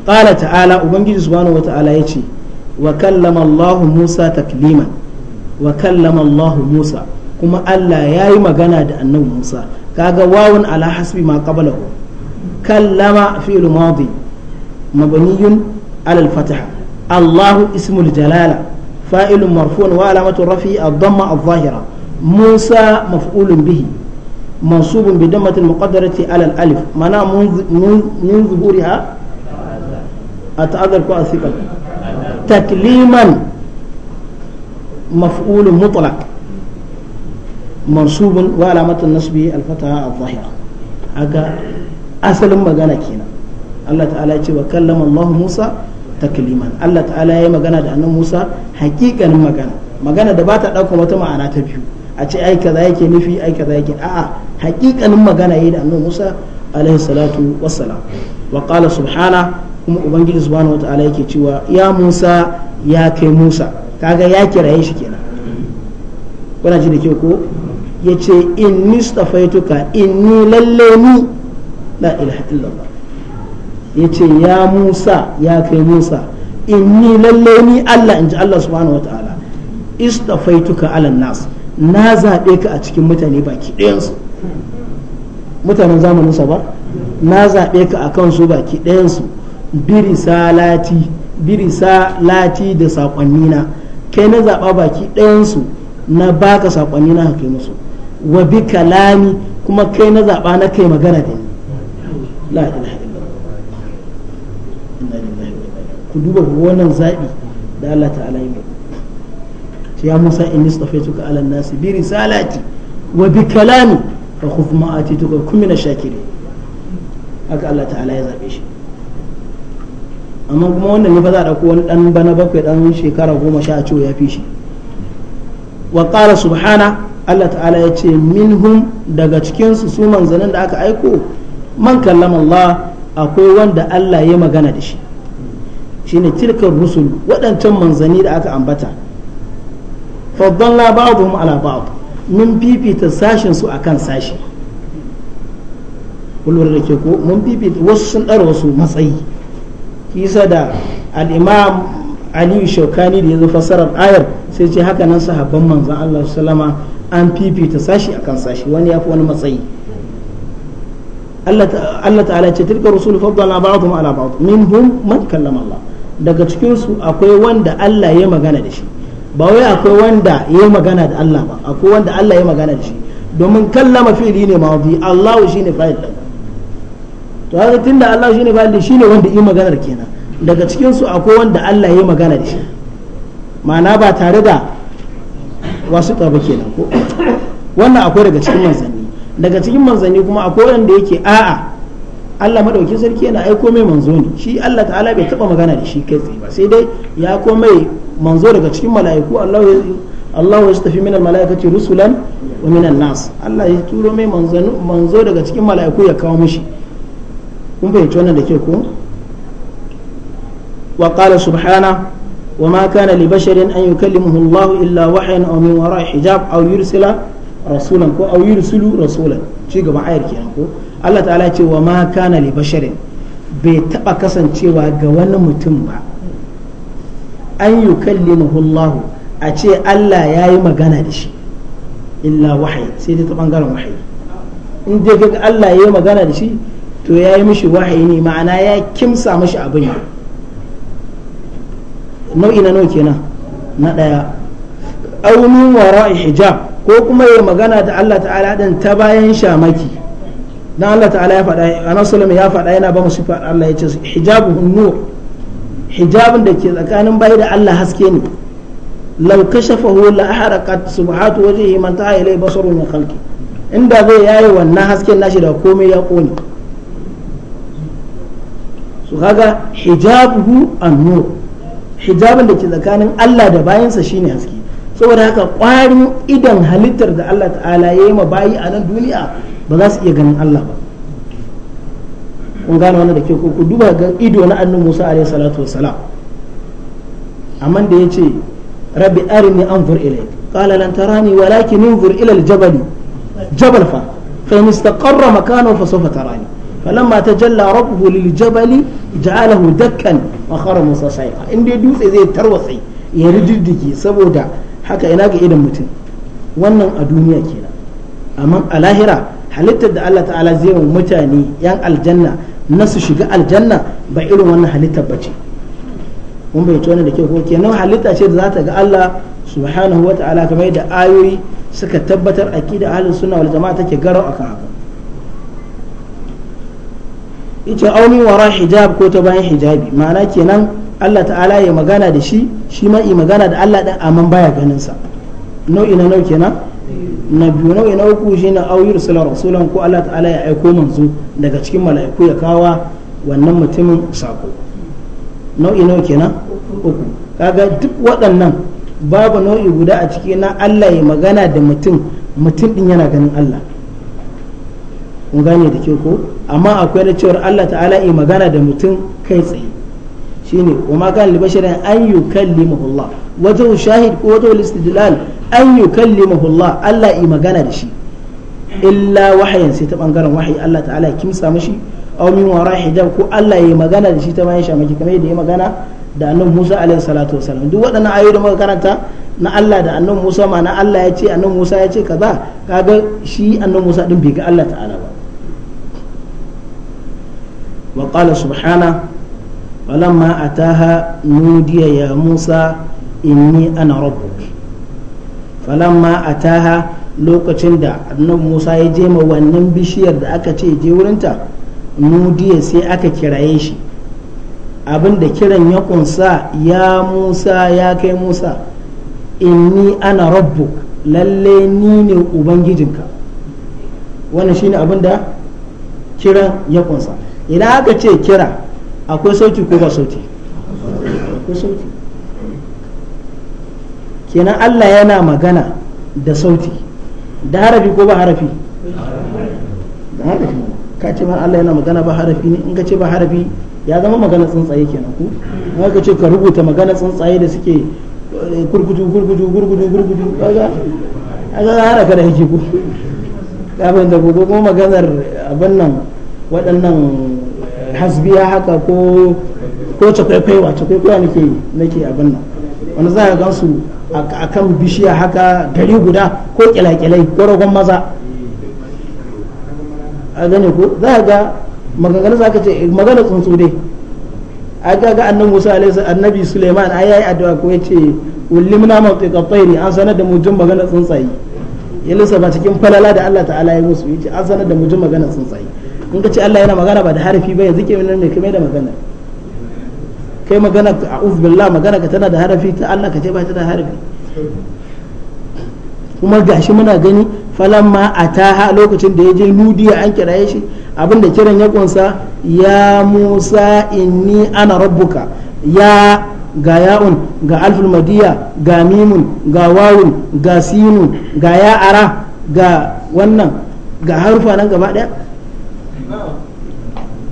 qala ta'ala ubangiji subhanahu wata'ala yace wa kallama Allah Musa takliman wa kallama Allah Musa kuma Allah ya yi magana da annabi Musa kaga wawun ala hasbi ma qablahu kallama fi'l madi مبني على الفتح الله اسم الجلالة فاعل مرفوع وعلامة رفعه الضمة الظاهرة موسى مفعول به منصوب بدمة المقدرة على الألف معناه من ظهورها أتعذر كأثقل تكليما مفعول مطلق منصوب وعلامة النصب الفتحة الظاهرة هذا أصل مغانا كينا الله تعالى وكلم الله موسى تكليما الله تعالى مغانا أن موسى حقيقة مغانا مغانا دباتا لكم وتمعنا تبيو a ce ai kaza yake nufi ai kaza yake a'a hakikanin magana yayi da annabi Musa alaihi salatu wassalam wa qala subhana kuma ubangiji subhanahu wataala yake cewa ya Musa ya kai Musa kaga ya kiraye shi kenan kuna ji da ke ko yace inni stafaituka inni lalle ni la ilaha illallah yace ya Musa ya kai Musa inni lalle ni Allah inji Allah subhanahu wataala istafaituka alan nas na zaɓe ka a cikin mutane baki ɗayansu mutanen zamaninsa ba na zaɓe ka a kansu baki ɗayansu birisalati birisalati da saƙonnina kai na zaɓa baki ɗayansu na baka saƙonnina ka kai musu wa bi kalami kuma kai na zaɓa na kai magana da ni ku duba wannan zaɓi da Allah ta'ala yi mai يا موسى إني wa bi الناس برسالتي وبكلامي فخذ ما آتيتك وكن من الشاكرين haka Allah ta'ala ya zaɓe shi amma kuma wannan ne fa za a wani ɗan bana bakwai ɗan shekara goma sha a ciwo ya fi shi wa ƙara subhana Allah ta'ala ya ce hun daga cikinsu su manzanin da aka aiko man kallama Allah akwai wanda Allah ya magana da shi shine tilkar rusul waɗancan manzani da aka ambata faddalla ba'dhum ala ba'd mun fifita sashin su akan sashi kullum da ke ko mun fifita wasu sun ɗara wasu matsayi kisa da al-imam aliyu shaukani da ya zo fassarar ayar sai ce haka nan sahabban manzan Allah sallama an fifita sashi akan sashi wani ya fi wani matsayi Allah ta'ala ce tilka rusul faddala ba'dhum ala ba'd minhum man kallama Allah daga cikin su akwai wanda Allah ya magana da shi ba wai akwai wanda ya yi magana da Allah ba akwai wanda Allah ya magana da shi domin kallama fi'li ne mawdi Allah shine fa'il din to haka tunda Allah shine fa'il shi ne wanda yi maganar kenan daga cikin su akwai wanda Allah ya magana da shi ma'ana ba tare da wasu ba kenan ko wannan akwai daga cikin manzanni daga cikin manzanni kuma akwai wanda yake a'a Allah madaukin sarki yana aiko mai manzo ne shi Allah ta'ala bai taba magana da shi kai tsaye ba sai dai ya komai mai manzo daga cikin mala'iku Allah ya Allah ya tafi min malaikati rusulan wa min nas Allah ya turo mai manzo manzo daga cikin mala'iku ya kawo mishi kun fahimci wannan da ke ko wa qala subhana wa ma kana li basharin an yukallimuhu Allah illa wahyan aw min wara'i hijab aw yursila rasulan ko aw yursilu rasulan ci gaba ayar kenan ko Allah ta'ala ce wa ma kana li basharin bai taba kasancewa ga wani mutum ba an yukallimuhu Allah a ce Allah ya yi magana da shi illa wahayi sai dai ta bangaren wahayi in dai ga Allah ya yi magana da shi to ya yi mishi wahayi ne ma'ana ya kimsa mishi abin ya nau'i na nau'i kenan na ɗaya aunin wara hijab ko kuma ya magana da Allah ta'ala din ta bayan shamaki dan Allah ta'ala ya faɗa annabi sallallahu ya faɗa yana ba mu sifar Allah ya ce hijabu nur hijabin da ke tsakanin bai da Allah haske ne law kashafahu la ahraqat subhatu wajhihi man ta'a ilay basaru min khalqi inda zai yayi wannan hasken nashi da komai ya kone su kaga hijabuhu an nur hijabin da ke tsakanin Allah da bayansa shine haske saboda haka kwarin idon halittar da Allah ta'ala ya yi ma bayi a nan duniya ba za su iya ganin Allah ba kun gane wannan da ke ku duba ga ido na Musa alaihi salatu amma da yace rabbi arini anzur ilayk qala lan tarani walakin anzur ila al-jabal fa fa in istaqarra makanahu fa sawfa tarani فلما تجلى ربه للجبل جعله دكا وخر موسى ان دي زي تروسي saboda haka ina ga idan mutum wannan a duniya kenan amma a lahira halittar da Allah ta'ala zai wa mutane yan aljanna na su shiga aljanna ba irin wannan halittar ba ce mun bai tona da kyau ko kenan halitta ce da za ta ga Allah subhanahu wa ta'ala kamar da ayoyi suka tabbatar aqida ahlus sunna wal jama'a take garau akan haka ita auni wara hijab ko ta bayan hijabi ma'ana kenan Allah ta'ala ya magana da shi shi ma yi magana da Allah din amma baya ganin sa nau'i na nau'i kenan na biyu nau'i na uku na auyi yursala rasulan ko Allah ta'ala ya aiko manzo daga cikin mala'iku ya kawa wannan mutumin sako nau'i nau'i kenan uku kaga duk waɗannan babu nau'i guda a ciki na Allah ya magana da mutum mutum din yana ganin Allah kun gane da ke ko amma akwai da cewar Allah ta'ala ya magana da mutum kai tsaye shine kuma kan li basharin an yukallimuhu Allah wajen shahid ko wajen istidlal an kalli Allah Allah yi magana da shi illa wahayin sai ta bangaren wahayi Allah ta'ala ya kimsa mashi aw min wara hijab ko Allah yi magana da shi ta bayan shamaki kamar yadda ya magana da annabi Musa alaihi salatu wasallam duk waɗannan ayoyi da muka karanta na Allah da annabi Musa ma na Allah ya ce annabi Musa ya ce kaza kaga shi annabi Musa din bai ga Allah ta'ala ba wa qala فلما أتاها نودي يا موسى إني أنا ربك فلما أتاها lokacin da annabi Musa ya je ma wannan bishiyar da aka ce je wurinta nudiya sai aka kiraye shi abinda kiran ya kunsa ya Musa ya kai Musa inni ana rabbuk lalle ni ne ubangijinka wannan shine abin kiran ya kunsa idan aka ce kira akwai sauti ko ba sauti akwai sauti kenan Allah yana magana da sauti da harafi ko ba harafi da harafi ka ce ma Allah yana magana ba harafi ne in ka ce ba harafi ya zama magana tsuntsaye kenan ku ma ka ce ka rubuta magana tsuntsaye da suke eh, gurgudu gurgudu gurgudu gurgudu kaga kaga harafa da yake ku kafin da gobe kuma maganar abin nan waɗannan hasbiya haka ko ko kai wace kai cakwaikwaiwa nake nake abin nan wani za ka gansu akan bishiya haka gari guda ko kyalakyalai ko ragon maza a gane ko za ka ga maganganu za ka ce eh, magana tsuntsu dai a ga ga annabi Musa alaihi annabi Sulaiman ai yayi addu'a ko yace ullimna mawtiqa tayri an sanar da mu jin magana tsuntsaye ya lissafa cikin falala da Allah ta'ala ya musu yace an sanar da mu jin magana tsuntsaye in ka ce Allah yana magana ba da harafi ba yanzu ke ne kai da magana kai magana a billah magana ka tana da harafi ta Allah ka ce ba ta da harafi kuma gashi muna gani ma ta taha lokacin da ya je nudiya an kiraye shi abinda kiran ya kunsa ya Musa inni ana rabbuka ya ga ya'un ga alful madiya ga mimun ga wawun ga sinun ga ya'ara ga wannan ga harufa nan gaba daya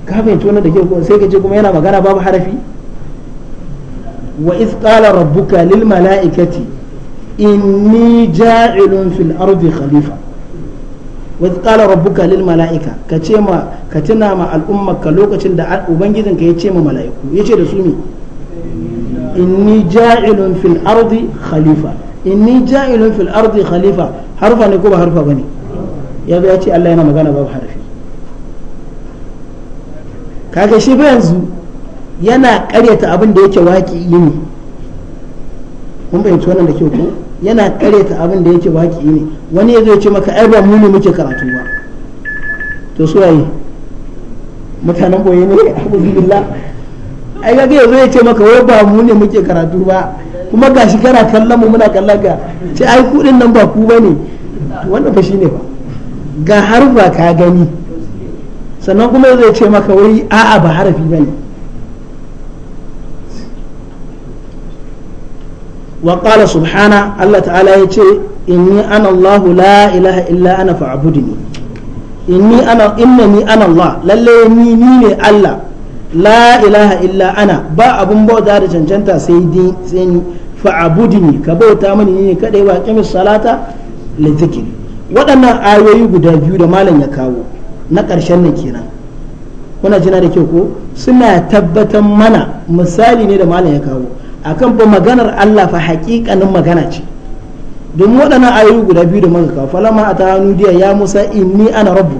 ka fahimci wannan da ke sai ka ce kuma yana magana babu harafi wa iz qala rabbuka lil mala'ikati inni ja'ilun fil ardi khalifa wa iz qala rabbuka lil mala'ika ka ce ma ka tuna ma al'ummarka lokacin da ubangijinka ya ce ma mala'iku ya ce da su me inni ja'ilun fil ardi khalifa inni ja'ilun fil ardi khalifa harfa ne ko ba harfa bane ya ya ce Allah yana magana babu harfi kaga shi ba yanzu yana karyata abin da yake waƙi ne kun fahimci wannan da ke ko yana karyata abin da yake waƙi ne wani ya zai ce maka ai ba mu ne muke karatu ba to su waye mutanen boye ne [LAUGHS] alhamdulillah ai kaga yazo ya ce maka wai ba mu ne muke karatu ba kuma ga shi kana kallon mu muna kallon ga ce ai kudin nan ba ku ne wannan fa shine ba ga har ba ka gani sannan kuma zai ce maka wai a'a ba harafi bane wa qala subhana Allah ta'ala ya ce inni ana Allah la ilaha illa ana fa'budni inni ana innani ana Allah lalle ni ni ne Allah la ilaha illa ana ba abun bauta da cancanta sai ni sai ni fa'budni ka bauta mani ne kadai wa qimis salata li dhikri waɗannan ayoyi guda biyu da malam ya kawo na ƙarshen nan kenan kuna jina da kyau ko suna tabbatar mana misali ne da malam ya kawo akan ba maganar Allah fa haƙiƙanin magana ce don waɗannan ayoyi guda biyu da muka kawo falama a ta diya ya musa inni ana rabbu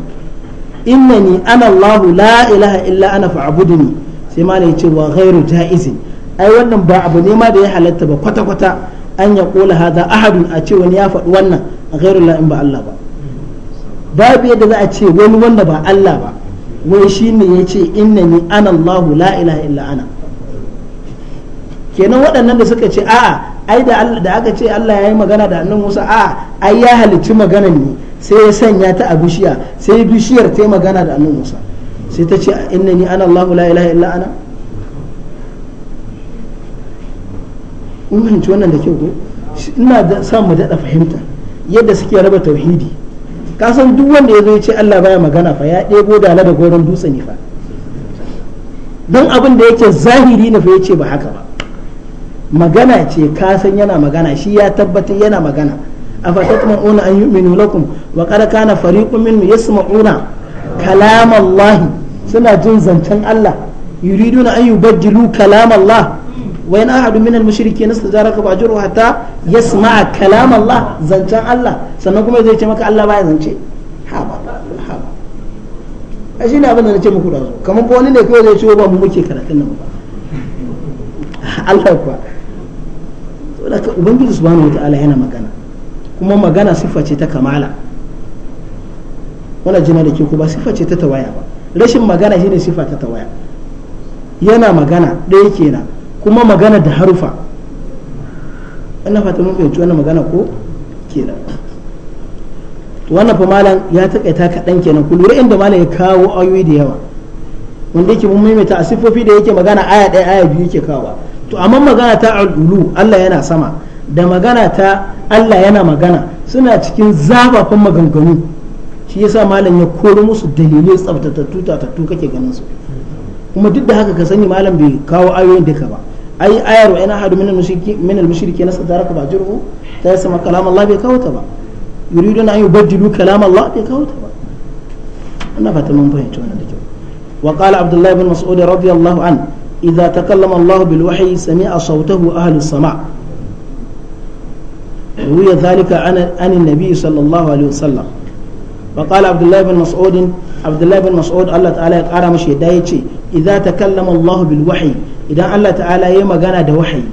innani ana Allahu la ilaha illa ana fa'budni sai malam ya ce wa ghairu ja'izin ai wannan ba abu ne ma da ya halatta ba kwata-kwata an ya kola hada ahadun a ce wani ya faɗi wannan a ghairu la in ba Allah ba babu yadda za a ce wani wanda ba Allah ba wai shi ne ya ce ni ana Allah la ilaha illa ana kenan waɗannan da suka ce a'a ai da da aka ce Allah ya yi magana da annan Musa a'a ai ya halicci maganar ne sai ya sanya ta a bishiya sai bishiyar ta yi magana da annan Musa sai ta ce ni ana Allah la ilaha illa ana wannan da kyau ko ina da samu daɗa fahimta yadda suke raba tauhidi ka san duk wanda ya zo ya ce Allah baya magana fa ya ɗebo dala da goron dutse ne fa don abin da yake zahiri na fa ya ce ba haka ba magana ce kasan yana magana shi ya tabbatar yana magana a an yi أفتطمعون أن يؤمنوا na وقد كان فريق منهم يسمعون كلام suna jin zancen allah yuridu na an يبدلوا كلام الله wa in ahadu min al mushrikin istajaraka fa ajruhu hatta yasma'a kalam Allah zancen Allah sannan kuma zai ce maka Allah baya zance haba haba a shi ne abin da na ce muku da zo kamar wani ne kawai zai ciwo ba mu muke karatun nan ba Allah kuwa saboda ka ubangiji subhanahu wataala yana magana kuma magana siffa ta kamala wannan jina da ke ku ba siffa ta tawaya ba rashin magana shine siffa ta tawaya yana magana ɗaya kenan kuma magana da harufa ina fata mun fahimci wannan magana ko kenan wannan fa malam ya takaita kaɗan kenan ku lura inda malam ya kawo ayoyi da yawa wanda yake mun maimaita a siffofi da yake magana aya ɗaya aya biyu yake kawo to amma magana ta al'ulu Allah yana sama da magana ta Allah yana magana suna cikin zafafan maganganu shi yasa malam ya koro musu dalilai tsaftatattu tattu kake ganin su kuma duk da haka ka sani malam bai kawo ayoyin duka ba ai ayar wa ina hadu min al-mushriki nasa daraka ba jirhu ta sama kalam Allah bai ta ba yuriduna an yubaddilu kalam Allah bai kawo ta ba ina fata mun fahimci wannan da kyau wa qala Abdullah ibn sami'a sawtahu ahli sama روي ذلك عن عن النبي صلى الله عليه وسلم وقال عبد الله بن مسعود عبد الله بن مسعود الله تعالى يقرا مشي دايتي idza takallama Allah bil wahyi idan Allah ta'ala ya magana da wahayi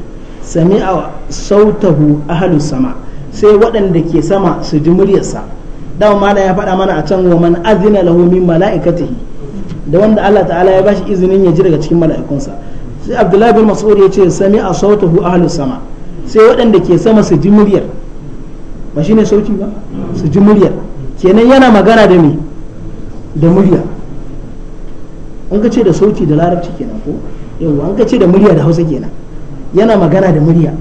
sami'a sautahu ahlu sama sai waɗanda ke sama su ji muryarsa dawo mana ya faɗa mana a can wa man azina lahu min mala'ikatihi da wanda Allah ta'ala ya bashi izinin ya ji daga cikin mala'ikunsa sai Abdullahi bin Mas'ud ya ce sami'a sautahu ahlu sama sai waɗanda ke sama su ji muryar ba shine sauti ba su ji muryar kenan yana magana da me da murya an ka ce da sauti da larabci kenan ko yawa an ka ce da murya da hausa kenan yana magana da murya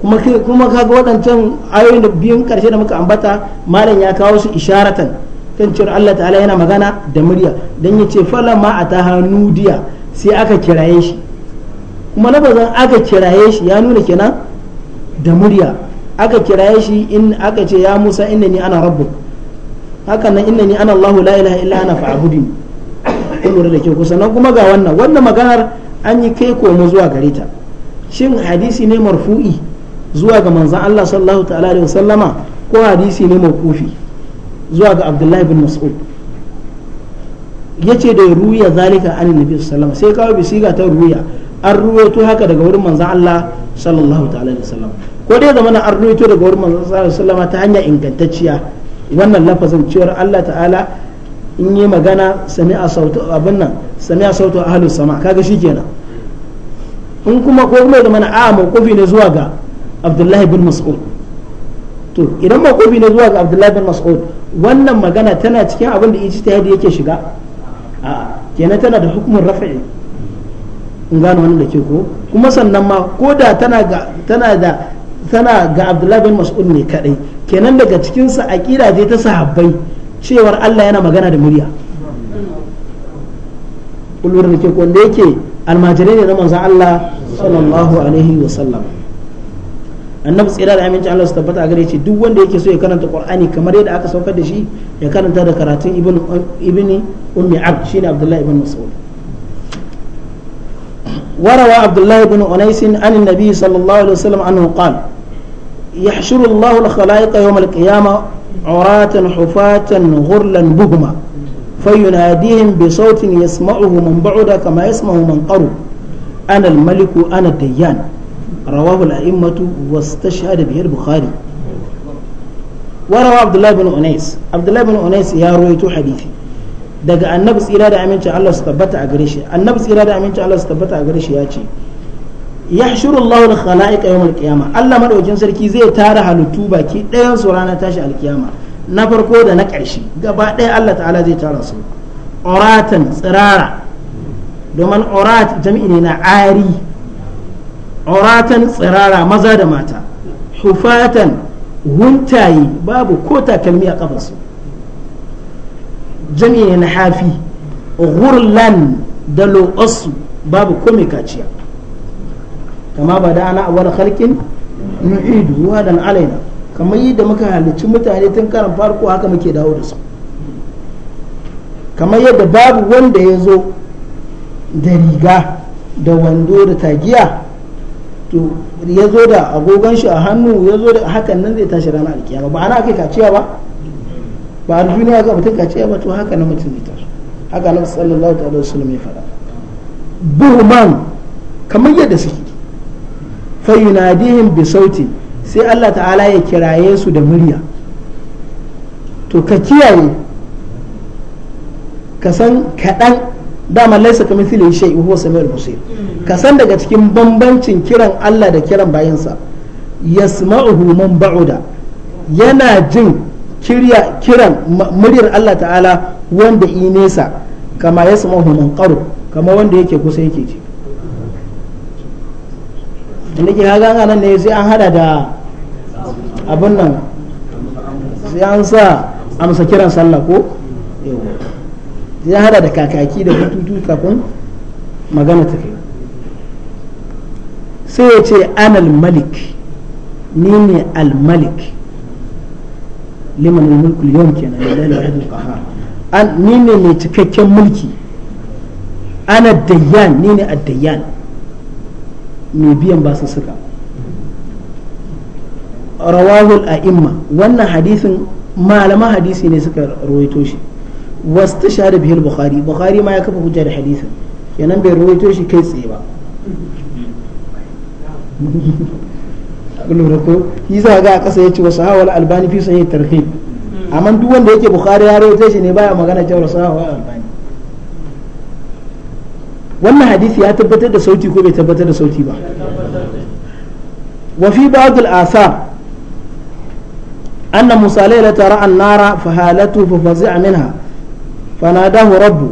kuma kuma kaga waɗancan ayoyin da biyun karshe da muka ambata malam ya kawo su isharatan kan cewa Allah ta'ala yana magana da murya dan yace fala ma ataha nudiya sai aka kiraye shi kuma bazan aka kiraye shi ya nuna kenan da murya aka kiraye shi in aka ce ya Musa innani ana rabbuk hakan nan innani ana Allahu la ilaha illa ana fa'budini lura da kyau kusa na kuma ga wannan wannan maganar an yi kai komo zuwa gare ta shin hadisi ne marfu'i zuwa ga manzan Allah sallallahu ta'ala da sallama ko hadisi ne mawqufi zuwa ga Abdullahi bin Mas'ud yace da ruya zalika an nabi sallallahu sai kawo bisiga ta ruya an ruwaito haka daga wurin manzan Allah sallallahu ta'ala da sallama ko dai zamana an ruwaito daga wurin manzan sallallahu ta'ala ta hanya ingantacciya wannan lafazin cewar Allah ta'ala in yi magana sami a sautu abin nan sami a sautu halin sama kaga shi kenan in kuma ko kuma mana a makofi ne zuwa ga abdullahi bin mas'ud to idan makofi ne zuwa ga abdullahi bin mas'ud wannan magana tana cikin abin da ijtihadi yake shiga a kenan tana da hukumin rafa'i in gano wannan da ke ko kuma sannan ma ko da tana ga tana da tana ga abdullahi bin mas'ud ne kadai kenan daga cikin sa aqida dai ta sahabbai cewar Allah yana magana da murya kullum da ke wanda yake almajirai ne na manzan Allah sallallahu alaihi wa sallam annabi tsira da aminci Allah su tabbata a gare shi duk wanda yake so ya karanta Qur'ani kamar yadda aka saukar da shi ya karanta da karatun ibn ibn ummi abd shine Abdullahi ibn Mas'ud وروى عبد الله بن أنيس عن النبي صلى الله عليه وسلم أنه قال يحشر الله الخلائق يوم القيامة عراة حفاة غرلا بهما فيناديهم بصوت يسمعه من بعد كما يسمع من قرب أنا الملك أنا الديان رواه الأئمة واستشهد به البخاري وروى عبد الله بن أنيس عبد الله بن أنيس يا رويت حديثي daga annabi tsira da aminci Allah su tabbata a gare shi annabi tsira da aminci Allah su tabbata a gare shi ya ce yahshuru Allahu al-khalaiqa yawm al-qiyamah Allah madaukin sarki zai tara halittu baki ɗayan su rana tashi al na farko da na ƙarshe gaba ɗaya Allah ta'ala zai tara su oratan tsirara domin orat jami'i ne na ari oratan tsirara maza da mata hufatan huntaye babu ko takalmi a kafarsu jami'i ne na hafi ghurlan da lo'asu babu komai kaciya kama ba da ana awar halkin nu'idu dan alaina kamar yadda muka halicci mutane tun karan farko haka muke dawo da su kamar yadda babu wanda ya zo da riga da wando da tagiya to ya zo da agogon shi a hannu ya zo da hakan nan zai tashi ranar alkiyama ba ana kai kaciya ba ba a duniya ga mutum kaciya ba to haka na mutum zai tashi haka na sallallahu alaihi wasallam ya faɗa buhman kamar yadda suke fa bi sauti sai Allah ta'ala ya kiraye su da murya to ka kiyaye ka san kaɗan dama laisa ka mithili shay huwa samiul basir ka san daga cikin bambancin kiran Allah da kiran bayinsa yasma'uhu man ba'uda yana jin kirya kiran muryar Allah ta'ala wanda inesa nesa kama yasma'uhu man qaru kama wanda yake kusa yake ji inda ke haka nan ne sai an hada da abin nan sai an sa amsa kiran sallah ko sai an hada da kakaki da bututu kafin magana ta kai sai ya ce an malik ni ne al malik liman mulkul yawm kenan lillahi al-ahadul qahhar an ni ne mai cikakken mulki ana dayyan ni ne ad-dayyan mai biyan ba su suka rawahul a'imma wannan hadisin malaman hadisi ne suka rawaito shi wasu da bihil bukhari bukhari ma ya kafa hujja da hadisin kenan bai rawaito shi kai tsaye ba lura ko yi za ga a ƙasa ya ce wasu hawal albani fi sun yi tarhib amma duk wanda yake bukhari ya rawaito shi ne baya magana cewa wasu albani wannan hadisi ya tabbatar da sauti ko bai tabbatar da sauti ba wafi fi ba'd anna musa layla tara an-nara fa halatu fa fazi'a minha fanadahu rabbu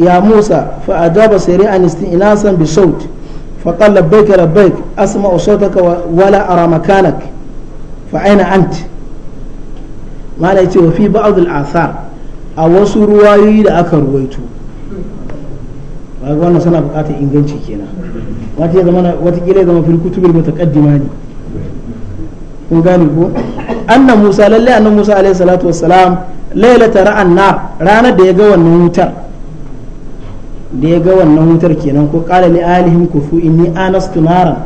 ya musa fa ajaba sari'an istinasan bi sawt fa qala labbayka asma asma'u sawtaka wala ara makanak fa aina ant malai ce wa fi ba'd asar a wasu ruwayoyi da aka ruwaito ba wannan suna bukatar inganci kenan wata ya zama watakila ya zama fil kutubil mutaqaddima ne kun gane ko annan musa lalle annan musa alaihi salatu wassalam lailata ra'an na ranar da ya ga wannan wutar da ya ga wannan wutar kenan ko qala li alihim kufu inni anastu naran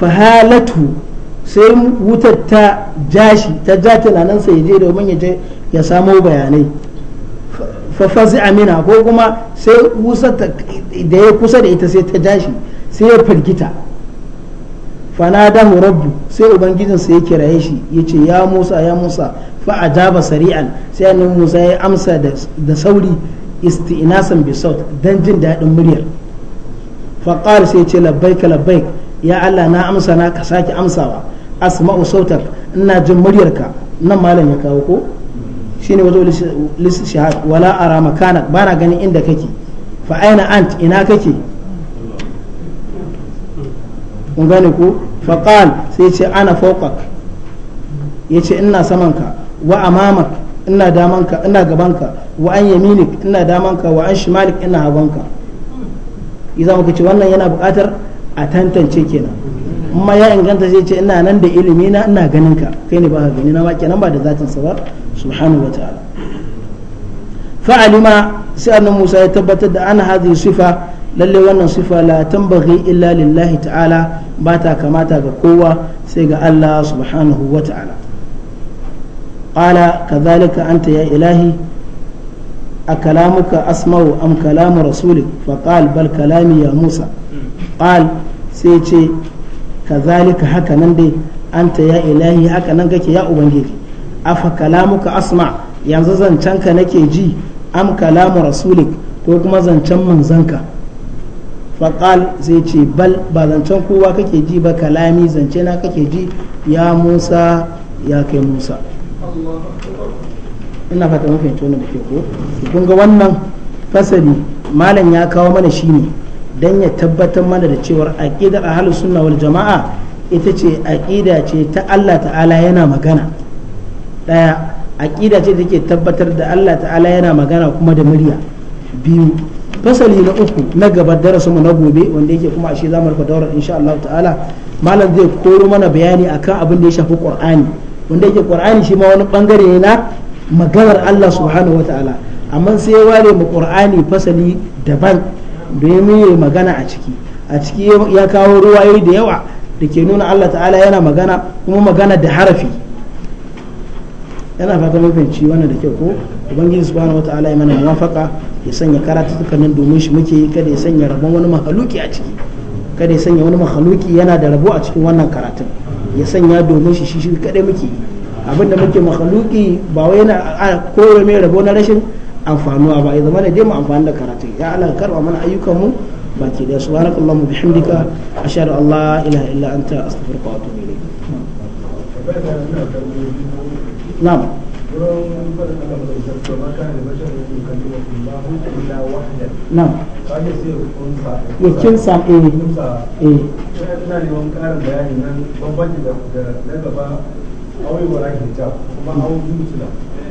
fahalatu sai wutar ta jashi ta ja nan ya je domin ya je ya samo bayanai fa amina ko kuma sai da ya kusa da ita sai ta dashi sai ya firgita fanadahu rabbu sai ubangijinsa ya kiraye shi ya ce ya musa ya musa fa ajaba sari'an sai annabi musa ya amsa da sauri isti'nasan bi saut dan jin daɗin muryar faƙar sai ce ka labbaik ya Allah na amsa na ka sake amsawa asma'u sautak ina jin muryarka nan malam ya kawo ko shine wazo lis shahad wala ara makanak na ganin inda kake fa aina ant ina kake kun gane ku fa qal sai ce ana fawqak yace ina samanka wa amamak ina damanka ina gabanka wa an yaminik ina damanka wa an shimalik ina habanka idan muka ce wannan yana buƙatar a tantance kenan amma ya inganta zai ce ina nan da ilimi na ina ganin ka kai ne ba ka gani na ma kenan ba da zatin sabar subhanahu wa fa'alima sai annabi Musa ya tabbatar da ana hadhihi sifa lallai wannan sifa la tambaghi illa lillahi ta'ala ba ta kamata ga kowa sai ga Allah subhanahu wa ta'ala qala kadhalika anta ya ilahi أكلامك أسمع أم كلام رسولك فقال بل كلامي يا موسى قال سيتي كذلك هكا نندي أنت يا إلهي هكا ننكك يا أبنجيك afa kalamuka asma yanzu zancenka nake ji am kalamu rasulik ko kuma zancen manzanka faƙal zai ce bal ba zancen kowa kake ji ba kalami zance na kake ji ya musa ya kai musa ina fata mafi tona da ke ko kun ga wannan fasali malam ya kawo mana shi ne don ya tabbatar mana da cewar aqidar ahlus sunna wal jama'a ita ce aqida ce ta Allah ta'ala yana magana daya aqida ce take tabbatar da Allah ta'ala yana magana kuma da murya biyu fasali na uku na gaba darasinmu na gobe wanda yake kuma a shi zamar daura insha Allah ta'ala malam zai koro mana bayani akan abin da ya shafi qur'ani wanda yake qur'ani shi ma wani bangare ne na maganar Allah subhanahu wata'ala amma sai ya ware mu qur'ani fasali daban domin ya magana a ciki a ciki ya kawo ruwayoyi da yawa da ke nuna Allah ta'ala yana magana kuma magana da harafi yana fata fahimci wannan da kyau ko ubangiji subhanahu wataala ya mana mawafaka ya sanya karatutukan nan domin shi muke yi kada ya sanya rabon wani mahaluki a ciki kada ya sanya wani mahaluki yana da rabo a cikin wannan karatun ya sanya domin shi shi kadai muke yi abin da muke mahaluki ba wai yana kore mai rabo na rashin amfanuwa ba ya zama da dai mu amfani da karatu ya Allah karba mana ayyukan mu baki da subhanakallahumma bihamdika ashhadu an la ilaha illa anta astaghfiruka wa atubu ilayk na'am na'am bayani eh. eh. nan bambanci da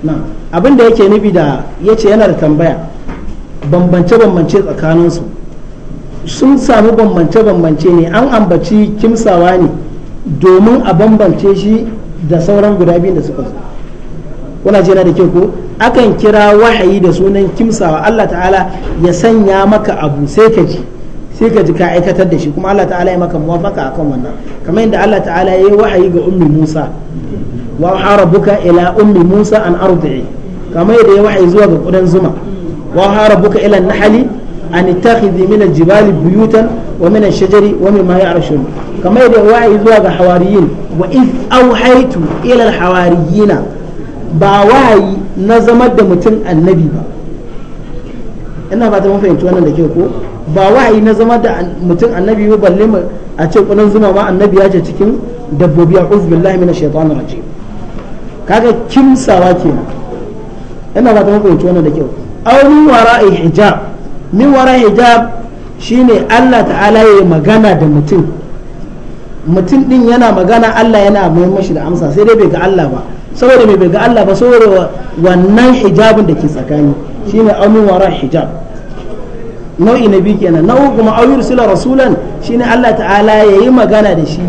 na gaba abin da yake nufi da ya ce yana da tambaya bambance-bambance tsakaninsu sun sami bambance-bambance ne an ambaci kimsawa ne domin a bambance shi da sauran guda biyu da suka zo kuna ce na da kyau ko akan kira wahayi da sunan kimsawa Allah ta'ala ya sanya maka abu sai ka ji sai ka ji ka aikatar da shi kuma Allah ta'ala ya maka muwafaka akan wannan kamar yadda Allah ta'ala ya yi wahayi ga ummi Musa wa harabuka ila ummi Musa an ardi kamar yadda ya wahayi zuwa ga kudan zuma wa harabuka ila nahali an ittakhidhi min al-jibali buyutan wa min ash-shajari wa ma ya'rashun kamar yadda ya wahayi zuwa ga hawariyin wa id awhaytu ila al-hawariyina ba wahayi na zama da mutum annabi ba ina ba ta mafahimci wannan da ke ko ba wahayi na zama da mutum annabi ba balle mu a ce kunan zuma ma annabi ya ce cikin dabbobi a uzu billahi mina shaitanir rajim kaga kimsawa kenan ina ba ta mafahimci wannan da kyau aw min wara'i hijab min wara'i hijab shine Allah ta'ala ya magana da mutum mutum din yana magana Allah yana mai mashi da amsa sai dai bai ga Allah ba saboda mai bai ga Allah ba saboda wannan hijabin da ke tsakani shine amin ran hijab nau'i na biyu kenan na uku kuma ayyur sila rasulan shine Allah ta'ala ya yi magana da shi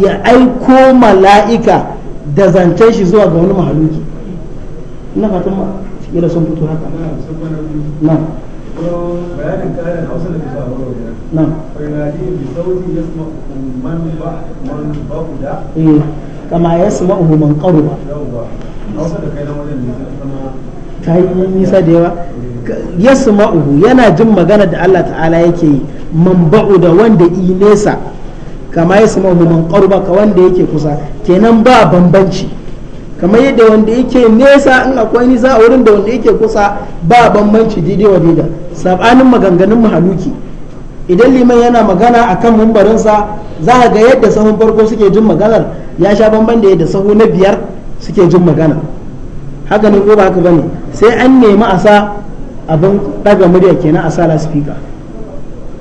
ya aiko mala'ika da zancen shi zuwa ga wani mahaluki ina fatan ma kila sun fito haka na bayanin hausa da na kama ya sama man ba ta yi nisa da yawa ya sama yana jin magana da Allah ta'ala yake yi man ba'u da wanda i nesa kama ya sama man karu ba ka wanda yake kusa kenan ba bambanci kamar yadda wanda yake nesa in akwai nisa a wurin da wanda yake kusa ba bambanci daidai wa daida sabanin maganganun mahaluki idan liman yana magana a kan mumbarinsa za ga yadda sahun farko suke jin maganar ya sha bamban da yadda sahu na biyar suke jin magana haka ne ko ba haka bane sai an nemi a sa abin daga murya kenan a sa la speaker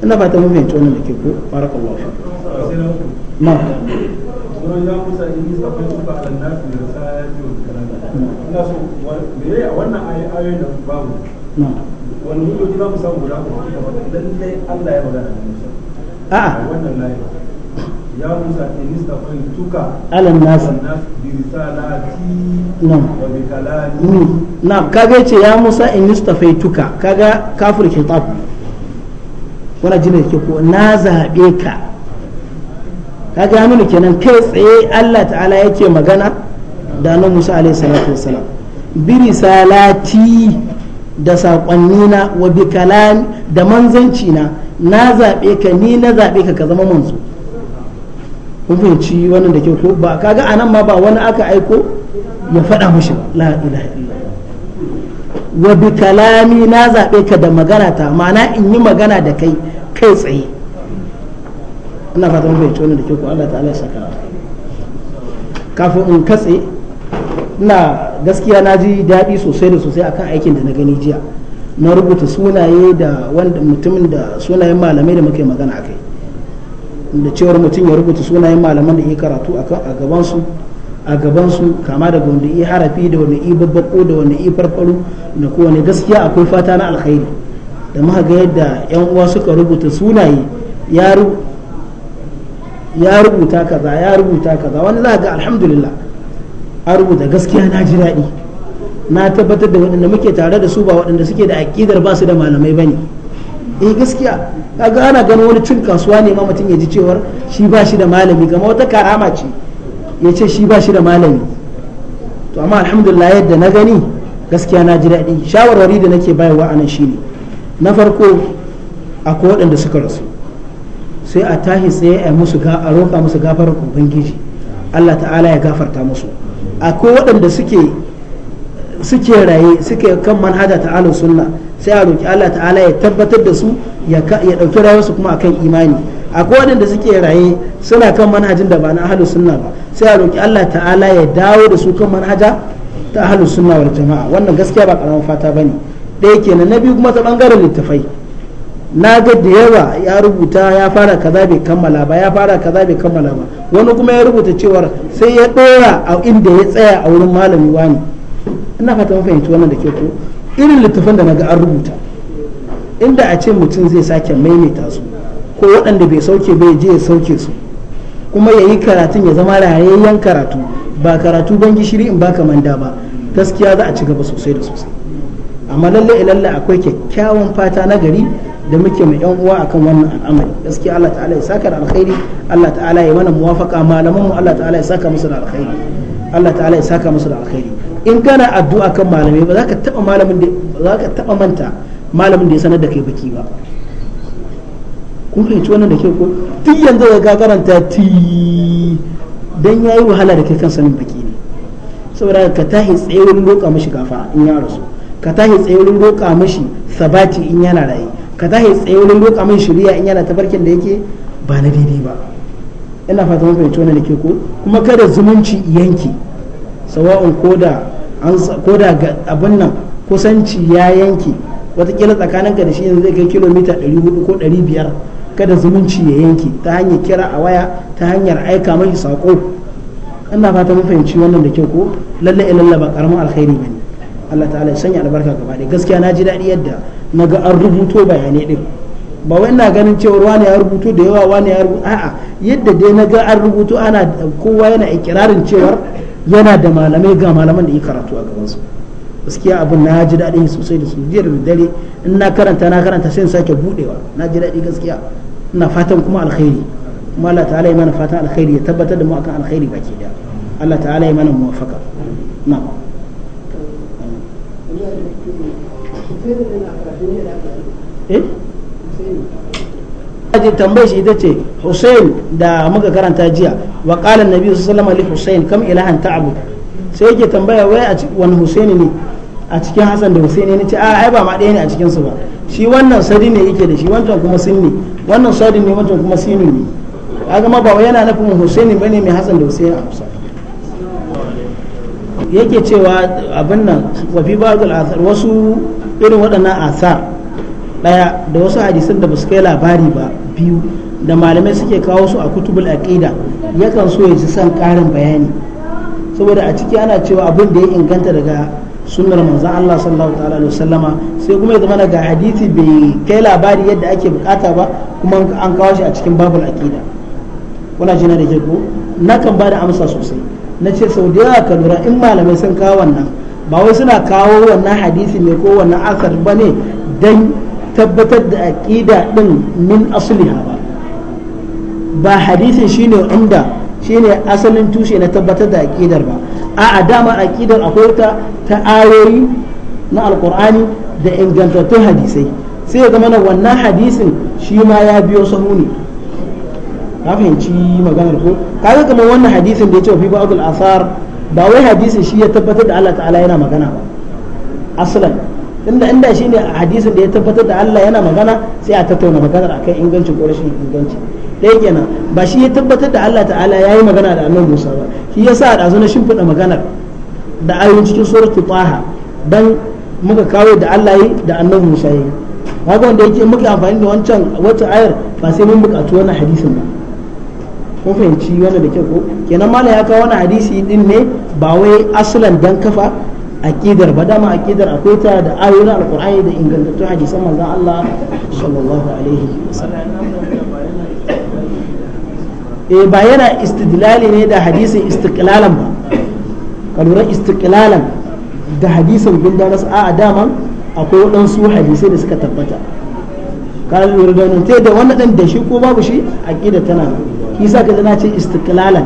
ina fata mafi fahimci wani da ke ko barakallahu fi na wannan za mu samu guda a wannan layi يا موسى إني اصطفيتك على tuka kaga نعم وبكلامي نعم كاجا يا موسى wani ke ko na zaɓe ka kaga ya nuna kenan kai tsaye Allah ta'ala yake magana da nan Musa alaihi salatu salam bi lati da saƙonnina wa bikalani da manzanci na na zaɓe ka ni na zaɓe ka ka zama manzo hukunci fahimci wannan da ke ko ba kaga anan ma ba wani aka aiko ya faɗa mushi la ilaha illallah wa bi kalami na zaɓe ka da magana ta ma'ana in yi magana da kai kai tsaye ina fata mun fahimci wannan da ke ko Allah ta'ala ya saka kafin in katse ina gaskiya na ji daɗi sosai da sosai akan aikin da na gani jiya na rubuta sunaye da wanda mutumin da sunayen malamai da muke magana akai da cewar mutum ya rubuta sunayen malaman da ya karatu a gabansu a gabansu kama daga wanda iya harafi da wanda i babbako da wanda iya farfaru da kowane gaskiya akwai fata na alkhairi da muka ga yadda yan uwa suka rubuta sunaye ya rubuta kaza ya rubuta kaza wani za ga alhamdulillah a rubuta gaskiya na ji daɗi na tabbatar da waɗanda muke tare da su ba waɗanda suke da aƙidar ba su da malamai ba ne eh gaskiya kaga ana ganin wani cin kasuwa ne ma mutum ya ji cewar shi ba shi da malami gama wata karama ce ya ce shi ba shi da malami to amma alhamdulillah yadda na gani gaskiya na ji daɗi shawarwari da nake bayarwa anan shine na farko akwai waɗanda suka rasu sai a tashi tsaye a musu a roƙa musu gafarar ubangiji Allah ta'ala ya gafarta musu akwai waɗanda suke suke raye suke kan manhaja ta sunna sai a roki Allah ta'ala ya tabbatar da su ya ɗauki su kuma akan imani akwai waɗanda suke raye suna kan manhajin da ba na ahlus sunna ba sai a roki Allah ta'ala ya dawo da su kan manhaja ta ahlus sunna wal jama'a wannan gaskiya ba karamin fata bane ɗaya kenan na biyu kuma ta bangaren littafai na ga da yawa ya rubuta ya fara kaza bai kammala ba ya fara kaza bai kammala ba wani kuma ya rubuta cewar sai ya ɗora a inda ya tsaya a wurin malami wani ina fata mun wannan da ke ko irin littafin da naga an rubuta inda a ce mutum zai sake maimaita su ko waɗanda bai sauke bai je ya sauke su kuma ya yi karatun ya zama rayayyen karatu ba karatu ban gishiri in baka manda ba gaskiya za a ci gaba sosai da sosai amma lalle e lalle akwai kyakkyawan fata na gari da muke mai yan uwa akan wannan al'amari gaskiya Allah ta'ala ya saka da alkhairi Allah ta'ala ya mana muwafaqa malaman mu Allah ta'ala ya saka musu da alkhairi Allah ta'ala ya saka musu da alkhairi in kana addu'a kan malamai ba za ka taba malamin da za ka taba manta malamin da ya sanar da kai baki ba kun fahimci wannan da ke ko duk yanzu da ka karanta ti dan yayi wahala da kai kan sanin baki ne saboda ka tahi tsaye wurin roƙa mishi gafa in ya rasu ka tahi tsaye wurin roƙa mishi sabati in yana raye ka tahi tsaye wurin roƙa mishi shari'a in yana tabarkin da yake ba na daidai ba ina fata mafi fahimci wannan da ke ko kuma kada zumunci yanki sawa'un ko da koda ga abin nan kusanci ya yanki watakila tsakanin ka da shi zai kai kilomita 400 ko 500 kada zumunci ya yanki ta hanyar kira a waya ta hanyar aika mai sako ina fata mafi fahimci wannan da ke ko lalle eh, ilalla ba karamin alkhairi ne Allah ta'ala ya sanya albarka gaba ɗaya gaskiya na ji daɗi yadda na ga an rubuto bayanai ɗin ba wai ina ganin cewa wani ya rubuto da yawa wani ya rubuto a'a yadda dai na ga an rubuto ana kowa yana ikirarin cewar yana da malamai ga malaman da yi karatu a gabansu gaskiya abin na ji daɗi sosai da su jiya da dare in na karanta na karanta sai in sake budewa na ji daɗi gaskiya ina fatan kuma alkhairi kuma Allah ta'ala ya mana fatan alkhairi ya tabbatar da mu akan alkhairi baki da Allah ta'ala ya mana muwafaka na eh aje tambaye shi ita ce Hussein da muka karanta jiya wa qala nabi sallallahu alaihi Hussein kam ilahan abu sai yake tambaya wai a wani Hussein ne a cikin Hassan da Hussein ne ce a ai ba ma ɗaya ne a cikin su ba shi wannan sadi ne yake da shi wancan kuma sunni wannan sadi ne wancan kuma sunni ne kaga ma ba yana nufin Hussein bane mai Hassan da Hussein a Hausa yake cewa abin nan wa fi ba'd al wasu irin waɗannan athar daya da wasu hadisan da basu kai labari ba biyu da malamai suke kawo su a kutubul aqida yakan so ya ji san karin bayani saboda a ciki ana cewa abin da ya inganta daga sunnar manzon Allah sallallahu ta'ala alaihi wasallama sai kuma ya zama daga hadisi bai kai labari yadda ake bukata ba kuma an kawo shi a cikin babul aqida kuna jina da ke na kan bada amsa sosai na ce sau da yawa ka lura in malamai sun kawo wannan ba wai suna kawo wannan hadisi ne ko wannan asar ba ne dan tabbatar da aƙida ɗin min asliha ba ba hadisin shine umda shine asalin tushe na tabbatar da aƙidar ba a dama aƙidar akwai ta ta ayoyi na alkur'ani da ingantattun hadisai sai ya zama na wannan hadisin shi ma ya biyo sahu ne ka fahimci maganar ko kaga kamar wannan hadisin da ya ce fi ba'dul asar ba wai hadisin shi ya tabbatar da Allah ta'ala yana magana ba aslan inda inda shine a hadisin da ya tabbatar da Allah yana magana sai a tattauna maganar akan ingancin ko rashin inganci dai kenan ba shi ya tabbatar da Allah ta'ala ya yi magana da annabi Musa ba shi ya sa da na shimfiɗa maganar da ayoyin cikin suratul taha dan muka kawo da Allah yi da annabi Musa yi haka wanda yake muka amfani da wancan wata ayar ba sai mun bukatu wannan hadisin ba kun fahimci wannan da kyau ko kenan malam ya kawo wannan hadisi din ne ba wai aslan dan kafa aqidar ba dama aqidar akwai ta da ayoyin alqur'ani da ingantattun hadisan manzon Allah sallallahu alaihi wasallam eh ba yana istidlali ne da hadisin istiqlalan ba ka lura istiqlalan da hadisin gundaras a daman akwai waɗansu hadisai da suka tabbata ka lura da wannan da wannan da shi ko babu shi aqida tana kisa ka na ce istiqlalan